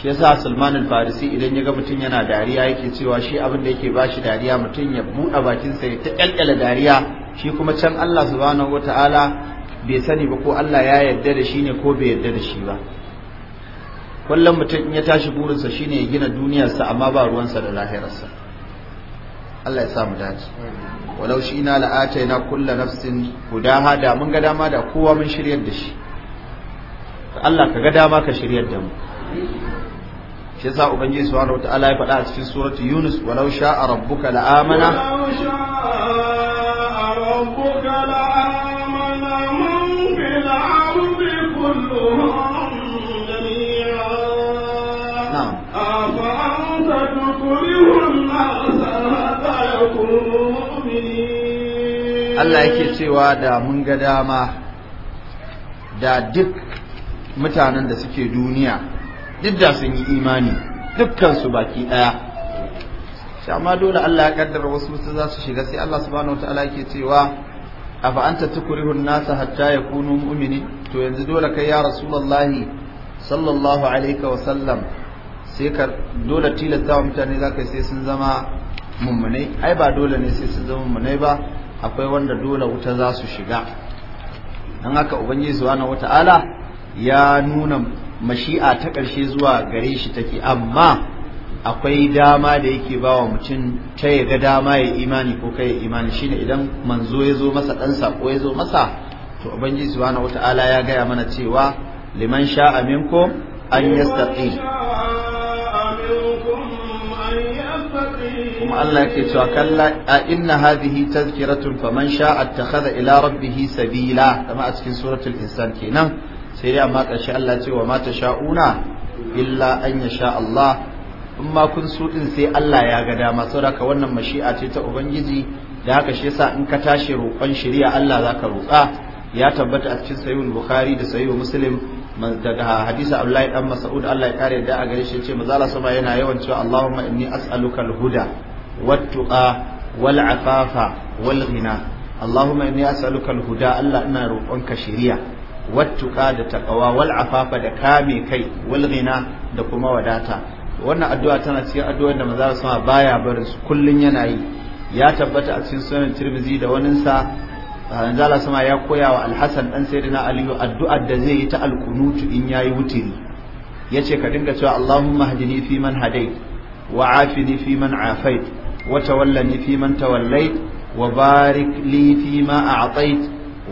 shi yasa sa al-Farisi idan ya ga mutum yana dariya yake cewa shi abin da yake bashi dariya mutum ya buɗe bakinsa ya ta kyalkyala dariya shi kuma can Allah subhanahu wata'ala bai sani ba ko Allah ya yarda da shi ne ko bai yarda da shi ba kullum mutum in ya tashi burinsa shine ya gina duniyarsa amma ba ruwansa da lahirarsa Allah ya samu dace walau shi ina ina kullu nafsin guda da mun ga dama da kowa mun shiryar da shi Allah ka ga dama ka shiryar da mu shi yasa ubangiji subhanahu wataala ya faɗa a cikin suratu yunus walau sha'a rabbuka la'amana Allah yake cewa da mun ga dama da duk mutanen da suke duniya duk da sun yi imani dukkansu baki ɗaya amma dole Allah ya kaddara wasu su za su shiga sai Allah subhanahu wataala yake cewa afa anta tukrihu an-nasa hatta yakunu mu'minin to yanzu dole kai ya rasulullahi sallallahu alaihi wa sallam sai ka dole tilasta mutane mutane zaka sai sun zama mummunai ai ba dole ne sai sun zama mummunai ba akwai wanda dole wuta za su shiga don haka ubangiji na wata'ala ya nuna mashi'a ta ƙarshe zuwa gare shi take amma akwai dama da yake ba wa mutum ta ya dama ya imani ko kai ya imani shine idan manzo ya zo masa ɗan saƙo ya zo masa to ubangiji na wata'ala ya gaya mana cewa liman sha'amin ko an yastaqim kuma Allah yake cewa kalla a inna hadhihi tazkiratun faman sha'a attakhadha ila rabbih sabila kama a cikin suratul insan kenan sai dai amma karshe Allah ce wa mata sha'una illa an yasha Allah in ma kun so din sai Allah ya ga dama saboda wannan mashi'a ce ta ubangiji da haka shi yasa in ka tashi roƙon shari'a Allah zaka roƙa ya tabbata a cikin sahihul bukhari da sahihul muslim daga hadisi Abdullahi dan Mas'ud Allah ya kare da a gare shi yace manzo Allah sama yana yawan cewa Allahumma inni as'aluka al-huda والتقى والعفاف والغنى اللهم إني أسألك الهدى ألا أنا روحك شريعة والتقى da والعفاف kai. كي da دكما wadata. wannan addu'a tana cikin addu'ar da manzo sama baya barin su kullun yana yi ya tabbata a cikin sunan Tirmidhi da waninsa manzo Allah sama ya koya wa Al-Hasan dan saidina Aliyu, addu'ar da zai yi ta Alkunutu in ya yi wutiri yace ka dinga cewa Allahumma hadini fi man hadait wa afini fi man afait وتولني فيمن توليت وبارك لي فيما أعطيت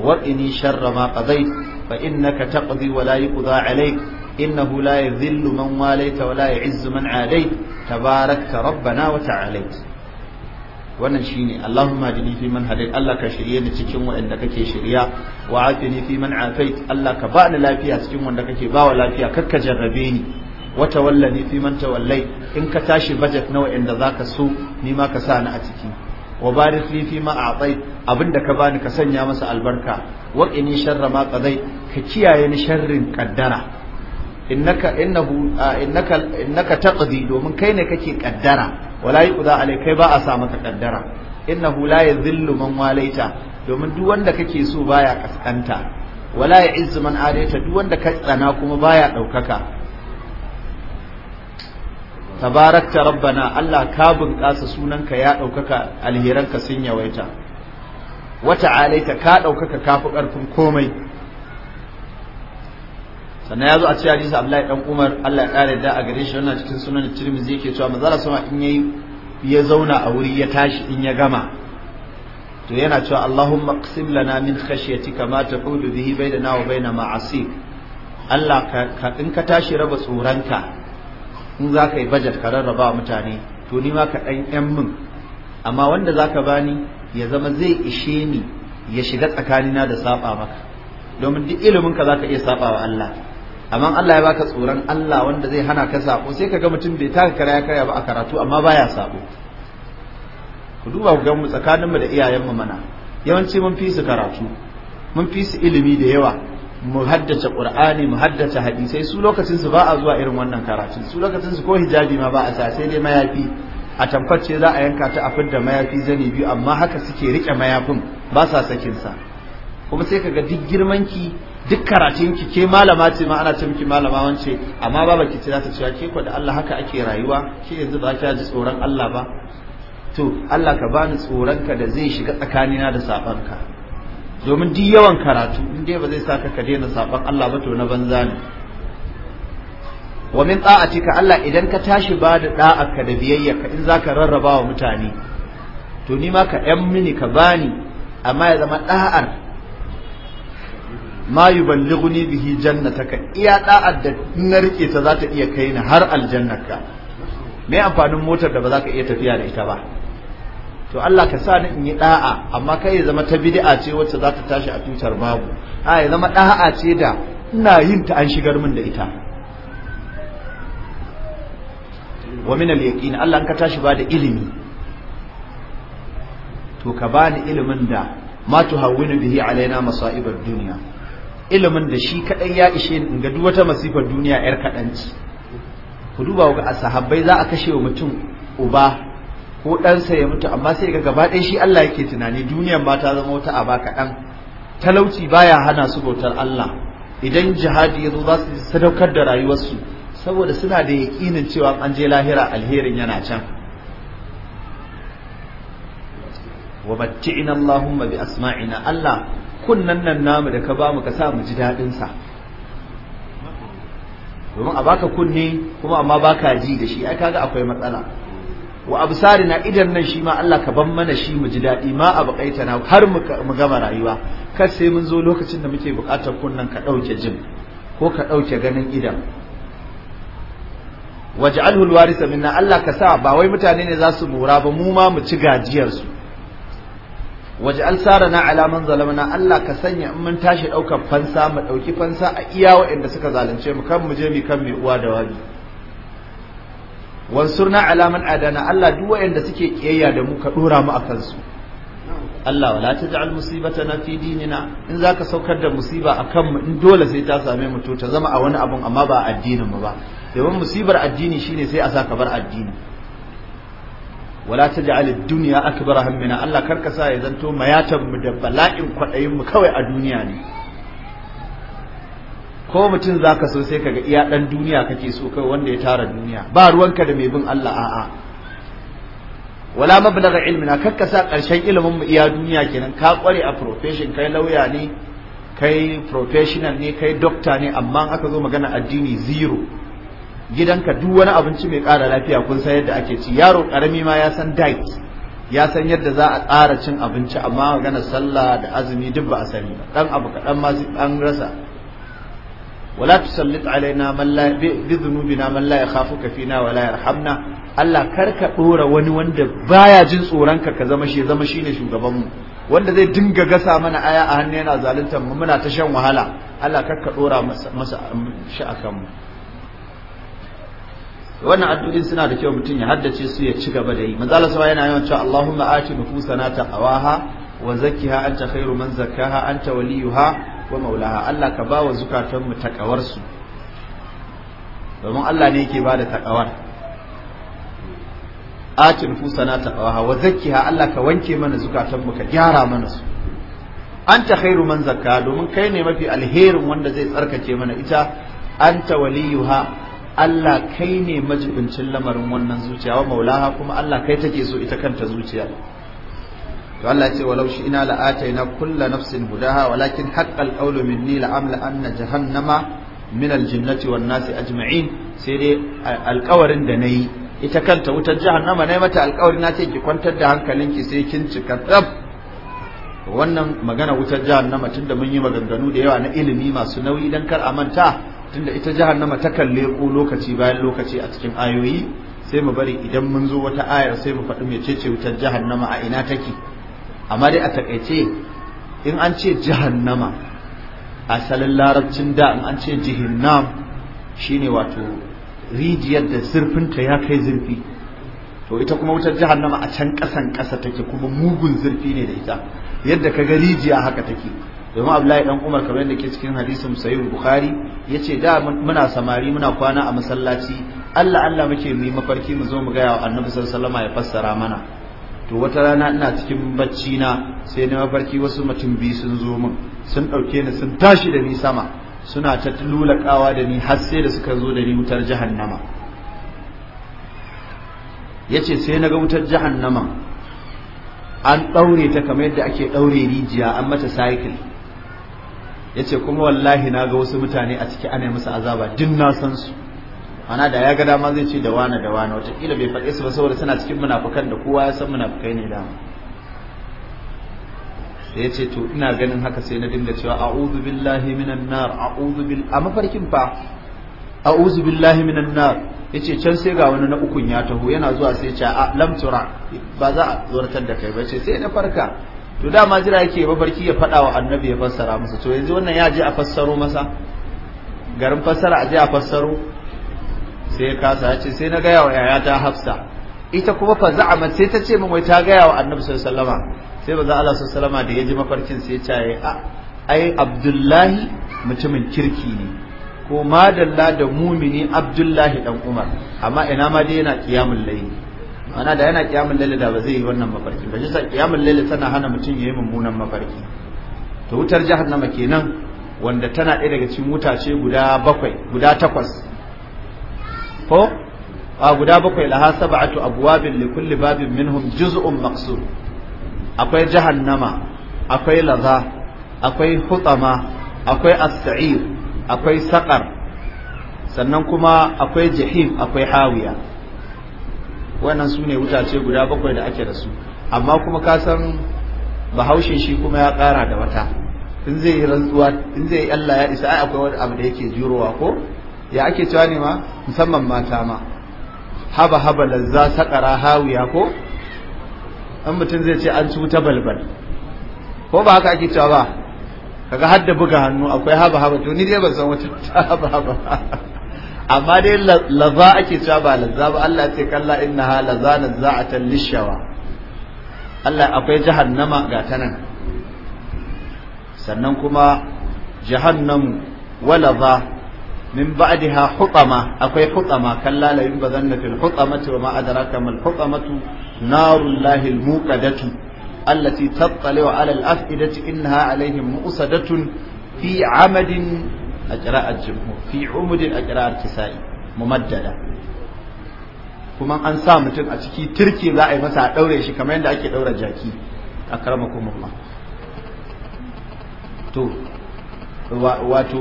وقني شر ما قضيت فإنك تقضي ولا يقضى عليك إنه لا يذل من واليت ولا يعز من عاديت تباركت ربنا وتعاليت wannan shine Allahumma jini fi man hadait Allah ka shirye ni cikin waɗanda kake shirya wa afini fi man afait Allah ka bani lafiya cikin wanda kake bawa lafiya ka jarrabe ni Wata tawallani fi man tawallai in ka tashi budget na wa'anda zaka so ni ma ka sa ni a ciki wa barik li fi ma a'tai abinda ka bani ka sanya masa albarka wa qini sharra ma qadai ka kiyaye ni sharrin kaddara innaka innahu innaka innaka taqdi domin kai ne kake ƙaddara, wala yuqda alai kai ba a sa maka kaddara innahu la yadhillu man walaita domin duk wanda kake so baya kaskanta wala ya'izzu man adaita duk wanda ka tsana kuma baya daukaka tabarakta rabbana Allah ka bunƙasa sunanka ya ɗaukaka alheranka sun yawaita wata alaita ka ɗaukaka ka fi ƙarfin komai sannan ya zo a cikin hadisi Abdullahi ɗan Umar Allah ya ƙara da a gare shi wannan cikin sunan Tirmidhi yake cewa manzo Allah sama in yayi ya zauna a wuri ya tashi in ya gama to yana cewa Allahumma qsim lana min khashyatika ma tahulu bihi bainana wa baina ma'asik Allah ka in ka tashi raba tsoranka in za ka yi bajet ka rarraba wa mutane to ni ma ka ɗan yan min amma wanda za ka bani ya zama zai ishe ni ya shiga tsakanina da saba maka domin duk ilimin ka za ka iya saba wa Allah amma Allah ya baka tsoron Allah wanda zai hana ka sako sai ka ga mutum bai taka kara karaya ba a karatu amma baya sako ku duba ku ga mu tsakaninmu da iyayenmu mana yawanci mun fi su karatu mun fi su ilimi da yawa mu haddace qur'ani mu haddace hadisai su lokacin su ba a zuwa irin wannan karatun su lokacin su ko hijabi ma ba a sa sai dai mayafi a tamfacce za a yanka ta a fidda mayafi zani biyu amma haka suke rike mayafin ba sa sakin sa kuma sai kaga duk girmanki duk karatunki ke malama ce ma ana ce miki malama wance amma ba ki ce za ta cewa ke ko da Allah haka ake rayuwa ke yanzu ba ka ji tsoron Allah ba to Allah ka bani tsoronka da zai shiga tsakanina da safanka domin duk yawan karatu in ba zai saka ka daina sabon Allah ba to na banza ne wa min ta'atika Allah idan ka tashi ba da da'aka da biyayya ka in zaka rarraba wa mutane to ni ma ka ɗan mini ka bani amma ya zama da'ar ma yuballighuni bihi jannataka iya da'ar da na rike ta za ta iya kai ni har aljannarka me amfanin motar da ba za ka iya tafiya da ita ba to Allah ka sa ni in yi da'a amma kai ya zama ta bid'a ce wacce za ta tashi a tutar babu a ya zama da'a ce da ina yin ta an shigar min da ita wa min al yaqin Allah ka tashi ba da ilimi to ka bani ilimin da ma tuhawwinu bihi alaina masa'ibad dunya ilimin da shi kadan ya ishe ni in ga duk wata masifar duniya yar kadanci ku duba ga sahabbai za a kashe wa mutum uba ko ɗansa ya mutu amma sai ga gaba ɗaya shi Allah yake tunani duniyar ma ta zama wata aba kaɗan talauci baya hana su bautar Allah idan jihadi ya zo za su sadaukar da rayuwarsu saboda suna da yaƙinin cewa an je lahira alherin yana can wa matti'ina Allahumma bi asma'ina Allah kunnan nan namu da ka ba mu ka sa mu ji daɗin sa domin a baka kunne kuma amma baka ji da shi ai kaga akwai matsala wa na idan nan shi ma Allah ka ban mana shi mu ji daɗi ma a na har mu gama rayuwa kar sai mun zo lokacin da muke buƙatar kunnan ka dauke jin ko ka dauke ganin idan waj'alhu alwarisa minna Allah ka sa ba wai mutane ne za su mura ba mu ma mu ci gajiyar su waj'al sarana ala man zalamna Allah ka sanya in mun tashi daukar fansa mu dauki fansa a iya wa'anda suka zalunce mu kan mu je mi kan mi uwa da wabi wansurna alaman adana Allah duk wayanda suke kiyayya da mu ka dora mu akan su Allah wala taj'al musibatana fi dinina in zaka saukar da musiba akan mu in dole sai ta same mu to ta zama a wani abun amma ba addinin mu ba domin musibar addini shine sai a saka bar addini wala taj'al ad-dunya akbar hammina Allah karka sa ya zanto mayatan mu da bala'in kwadayin mu kawai a duniya ne ko mutum za ka so sai kaga iya ɗan duniya kake so kai wanda ya tara duniya ba ruwanka da mai bin Allah a'a wala mablagha ilmina kakka sa karshen ilimin mu iya duniya kenan ka kware a profession kai lauya ne kai professional ne kai doctor ne amma aka zo magana addini zero gidanka duk wani abinci mai ƙara lafiya kun san yadda ake ci yaro ƙarami ma ya san diet ya san yadda za a tsara cin abinci amma magana sallah da azumi duk ba a sani ba dan abu kaɗan ma an rasa ولا تسلط علينا من لا بذنوبنا من لا يخافك فينا ولا يرحمنا Allah kar ka ɗora wani wanda baya jin tsoronka ka zama shi zama shi ne shugabanmu wanda zai dinga gasa mana aya a hannu yana zalunta mu muna ta shan wahala Allah kar ka ɗora masa shi a kanmu wannan addu'in suna da kyau mutum ya haddace su ya ci gaba da yi manzo Allah yana yawan cewa Allahumma ati nufusana awaha wa zakkiha anta khairu man zakkaha anta waliyuha wa maulaha Allah ka bawa zukatanmu takawar domin Allah ne yake bada takawar atin fusana taqawaha wa zakkiha Allah ka wanke mana zukatanmu ka gyara mana su anta khairu man zakka domin kai ne mafi alherin wanda zai tsarkake mana ita anta waliyuha Allah kai ne majibincin lamarin wannan zuciya wa maulaha kuma Allah kai take so ita kanta zuciya to Allah ce walau shi ina na kulla nafsin hudaha walakin haqqal qawlu minni la'amla anna jahannama min aljinnati wan nasi ajma'in sai dai alƙawarin da nayi ita kanta wutar jahannama nayi mata alƙawari na ce ki kwantar da hankalinki sai kin cika tsaf wannan magana wutar jahannama tunda mun yi maganganu da yawa na ilimi masu nauyi dan kar a manta tunda ita jahannama ta kalle ko lokaci bayan lokaci a cikin ayoyi sai mu bari idan mun zo wata ayar sai mu faɗi mecece wutar jahannama a ina take amma dai a takaice in an ce jahannama asalin larabcin da in an ce jihinnam shine wato rijiyar da zurfinta ya kai zurfi to ita kuma wutar jahannama a can kasan kasa take kuma mugun zurfi ne da ita yadda ka ga rijiya haka take domin Abdullahi dan Umar kamar yadda ke cikin hadisin Sahih Bukhari ce da muna samari muna kwana a masallaci Allah Allah muke mu mafarki mu zo mu ga Annabi sallallahu alaihi wasallam ya fassara mana to wata rana ina cikin bacci na sai na mafarki wasu mutum biyu sun zo min sun ɗauke ni sun tashi da ni sama suna ta lulakawa da ni har sai da suka zo da ni wutar jahannama yace sai na ga wutar jahannama an ɗaure ta kamar yadda ake ɗaure rijiya an mata cycle yace kuma wallahi na ga wasu mutane a ciki ana musu azaba duk na san su mana da ya ga dama zai ce da wani da wani watakila bai faɗi su ba saboda suna cikin munafukan da kowa ya san munafukai ne dama da ya ce to ina ganin haka sai na dinga cewa a'udhu billahi minan nar a'udhu bil a mafarkin fa a'udhu billahi minan nar yace can sai ga wani na ukun ya taho yana zuwa sai ce a lam tura ba za a zartar da kai ba ce sai na farka to dama jira yake mafarki ya faɗa wa annabi ya fassara masa to yanzu wannan ya je a fassaro masa garin fassara a je a fassaro sai kasa ya ce sai na gaya wa yayata hafsa ita kuma fa za'amat sai ta ce min wai ta gaya wa annabi sallallahu alaihi wasallama sai ba Allah sallallahu alaihi wasallama da ya ji mafarkin sai ya ce ai abdullahi mutumin kirki ne ko madalla da mumini abdullahi dan umar amma ina ma dai yana qiyamul layli ana da yana qiyamul layli da ba zai yi wannan mafarki ba jisa qiyamul layli tana hana mutum yayi mummunan mafarki to wutar jahannama kenan wanda tana ɗaya daga cikin wuta ce guda bakwai guda takwas ko a guda bakwai laha sab'atu abwabin li kulli babin minhum juz'un maqsur akwai jahannama akwai laza akwai hutama akwai as-sa'ir akwai saqar sannan kuma akwai jahim akwai hawiya wannan sune ne wutace guda bakwai da ake da su amma kuma ka san bahaushe shi kuma ya kara da wata in zai yi rantsuwa in zai yi Allah ya isa ai akwai wani abu da yake jurowa ko ya ake cewa ne ma musamman mata ma haba haba lazza saƙara hawiya ko an mutum zai ce an cuta balbal ko ba haka ake cewa ba kaga hadda buga hannu akwai haba haba to ni dai ban san wata haba haba amma dai laza ake cewa ba lazza ba Allah ya ce kalla innaha laza nazza'atan lishawa Allah akwai jahannama ga ta nan sannan kuma jahannamu walaza min ba'daha hutama akwai hutama kalla la yun bazanna fil hutamati wa ma adraka mal hutamatu narul lahil muqadatu allati tattali'u ala al afidati innaha alaihim mu'sadatun fi amadin ajra'at jumhur fi umudin kuma an sa mutum a ciki turke za a yi masa a ɗaure shi kamar yadda ake daura jaki akramakumullah to wato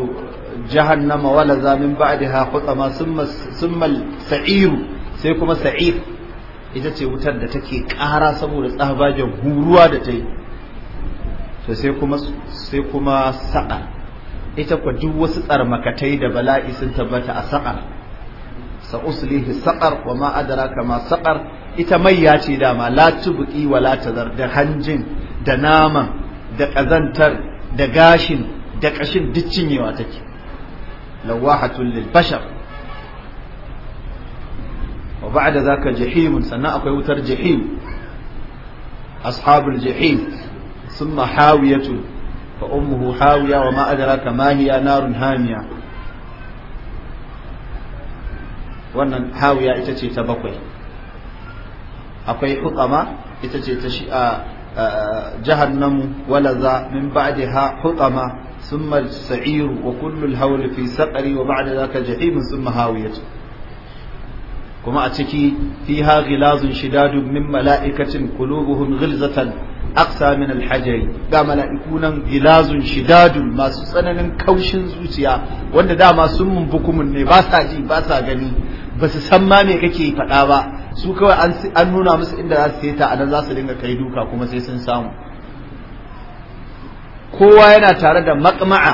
jahannama wala zamin ba'daha hutama summa summa sai kuma sa'ir ita ce wutar da take ƙara saboda tsabagen huruwa da ta yi sai kuma sai kuma Sa'ar. ita kwa duk wasu tsarmakatai da bala'i sun tabbata a sa'ar sa'uslihi sa'ar wa ma adraka ma sa'ar ita ya ce dama la tubqi wa la tazar da hanjin da nama, da kazantar da gashin da kashin duk cinyewa take lawahatun lil bashar wa sannan akwai wutar jahim ashabul jahim thumma hawiyatu fa ummuhu hawiya wa wannan hawiya ita ce ta bakwai akwai hukama ita ce ta shi'a walaza min ba'daha ثم السعير وكل الهول في سقري وبعد ذاك جحيم ثم هاوية كما أتكي فيها غلاظ شداد من ملائكة قلوبهم غلزة أقسى من الحجر دا ملائكونا غلاظ شداد ما سنن كوشن زوتيا وان دا ما سمم بكم باسا جي باسا غني بس سماني كي فتابا su kawai an nuna musu inda za su seta a nan za su dinga kai duka kuma sai sun samu kowa yana tare da maqma'a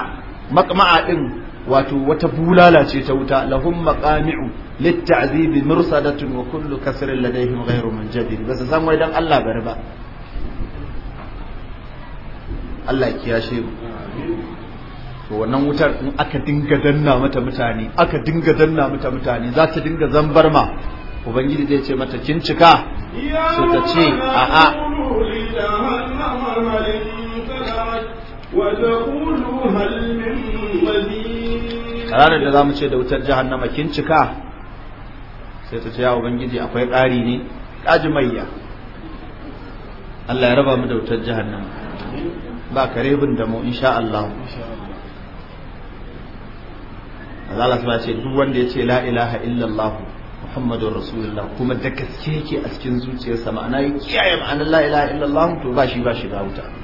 maqma'a din wato wata bulala ce ta wuta lahum maqami'u litta'zibi mursadatun wa kullu kasrin ladayhim ghayru munjadid ba su san wai dan Allah bari ba Allah ya kiyashe mu to wannan wutar in aka dinga danna mata mutane aka dinga danna mata mutane za ta dinga ma. ubangiji zai ce mata kin cika sai ta ce a'a ranar da za mu ce da wutar jahannama kin cika sai ta ce ya ubangiji akwai ƙari ne ƙaji mayya Allah ya raba mu da wutar jahannama ba kare da mu insha Allah Allah ta ce duk wanda ya ce la ilaha illallah Muhammadun Rasulullah kuma da gaske yake a cikin zuciyarsa ma'ana ya kiyaye ma'anin la ilaha illallah to ba shi ba shiga wuta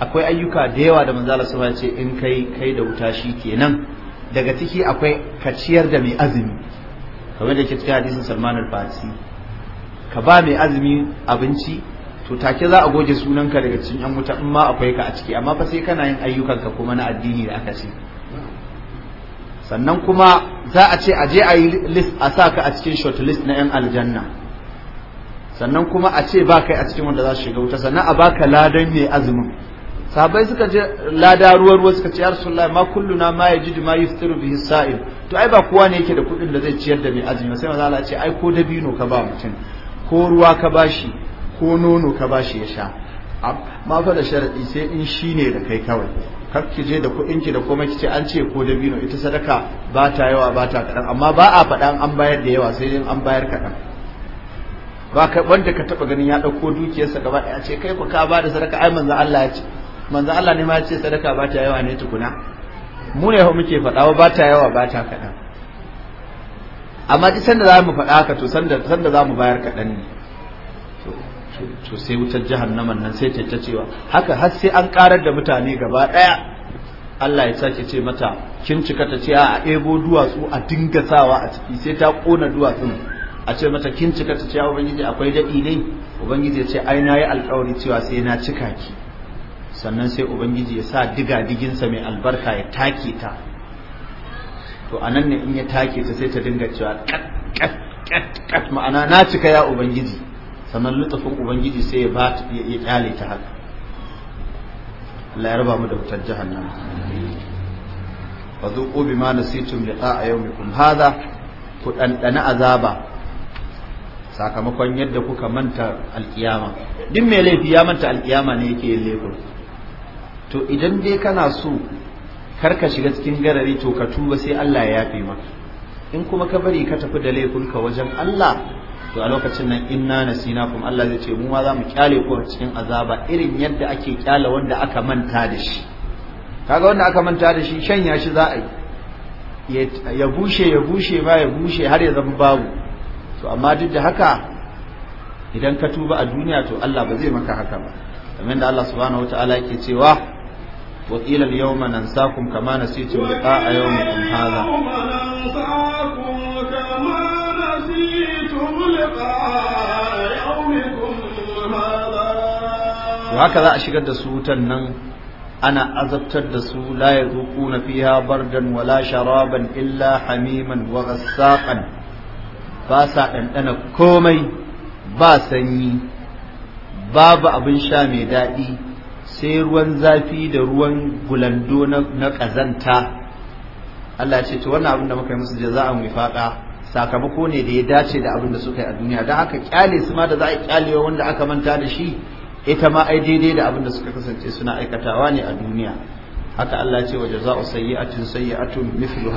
akwai ayyuka da yawa da manzala su ce in kai kai da wuta shi kenan daga ciki akwai kaciyar da mai azumi kamar da ke cikin hadisin salman al ka ba mai azumi abinci to take za a goge sunanka daga cikin yan wuta in ma akwai ka a ciki amma fa sai kana yin ayyukanka kuma na addini da aka ce sannan kuma za a ce a je a yi list a sa ka a cikin short list na yan aljanna sannan kuma a ce ba kai a cikin wanda za su shiga wuta sannan a baka ladan mai azumin sahabbai suka je lada ruwa ruwa suka ce ya rasulullah ma kulluna ma jima'i ma yuftiru bihi sa'il to ai ba kowa ne yake da kuɗin da zai ciyar da mai azumi sai manzo Allah ce ai ko dabino ka ba mutum ko ruwa ka bashi ko nono ka bashi ya sha amma fa da sharadi sai in shine da kai kawai kar ki je da kuɗin ki da komai ce an ce ko dabino ita sadaka ba ta yawa ba ta kaɗan amma ba a faɗan an bayar da yawa sai in an bayar kaɗan ba ka wanda ka taba ganin ya dauko dukiyarsa gaba daya ce kai ku ka bada sadaka ai manzo Allah ya ce manzo Allah ne ma ya ce sadaka ba ta yawa ne tukuna mu ne muke faɗa ba ta yawa ba ta kaɗan amma duk sanda za mu faɗa ka to sanda sanda za mu bayar kaɗan ne to sai wutar jahannama nan sai ta cewa haka har sai an karar da mutane gaba ɗaya Allah ya sake ce mata kin cika ta ce a ebo duwatsu a dinga sawa a ciki sai ta kona duwatsun a ce mata kin cika ta ce ubangiji akwai daɗi ne ubangiji ya ce ai na yi alƙawari cewa sai na cika ki sannan sai ubangiji ya sa diga diginsa mai albarka ya take ta to anan ne in ya take ta sai ta dinga cewa kat kat kat ma'ana na cika ya ubangiji sannan lutufin ubangiji sai ya ba ta ya kyale ta haka Allah ya raba mu da wutar jahannama ko bi ma nasitum yau yawmikum hada ku ɗanɗana azaba sakamakon yadda kuka manta alkiyama duk mai laifi ya manta alkiyama ne yake yin laifin to idan dai kana so kar ka shiga cikin garari to ka tuba sai Allah ya yafe maka in kuma ka bari ka tafi da laifinka wajen Allah to a lokacin nan inna nasinakum Allah zai ce mu ma za mu kyale ku cikin azaba irin yadda ake kyale wanda aka manta da shi kaga wanda aka manta da shi shanya shi za a yi ya bushe ya bushe ba ya bushe har ya zama babu to amma duk da haka idan ka tuba a duniya to Allah ba zai maka haka ba kamar da Allah subhanahu wataala yake cewa وقيل اليوم ننساكم كما نسيتم لقاء يومكم هذا وهكذا أشكد سوتا نن أنا أزبتد سو لا يذوقون فيها بردا ولا شرابا إلا حميما وغساقا باسا أن أنا كومي باسني باب أبن شامي دائي sai ruwan zafi da ruwan gulando na ƙazanta Allah ce to wannan abin da muka yi musu mai faka sakamako ne da ya dace da abin da suka yi a duniya don haka kyale su ma da za a kyale wanda aka manta da shi ita ma ai daidai da abin da suka kasance suna aikatawa ne a duniya haka Allah ce wa jaza'u sayyi'atin sayyi'atun mithluha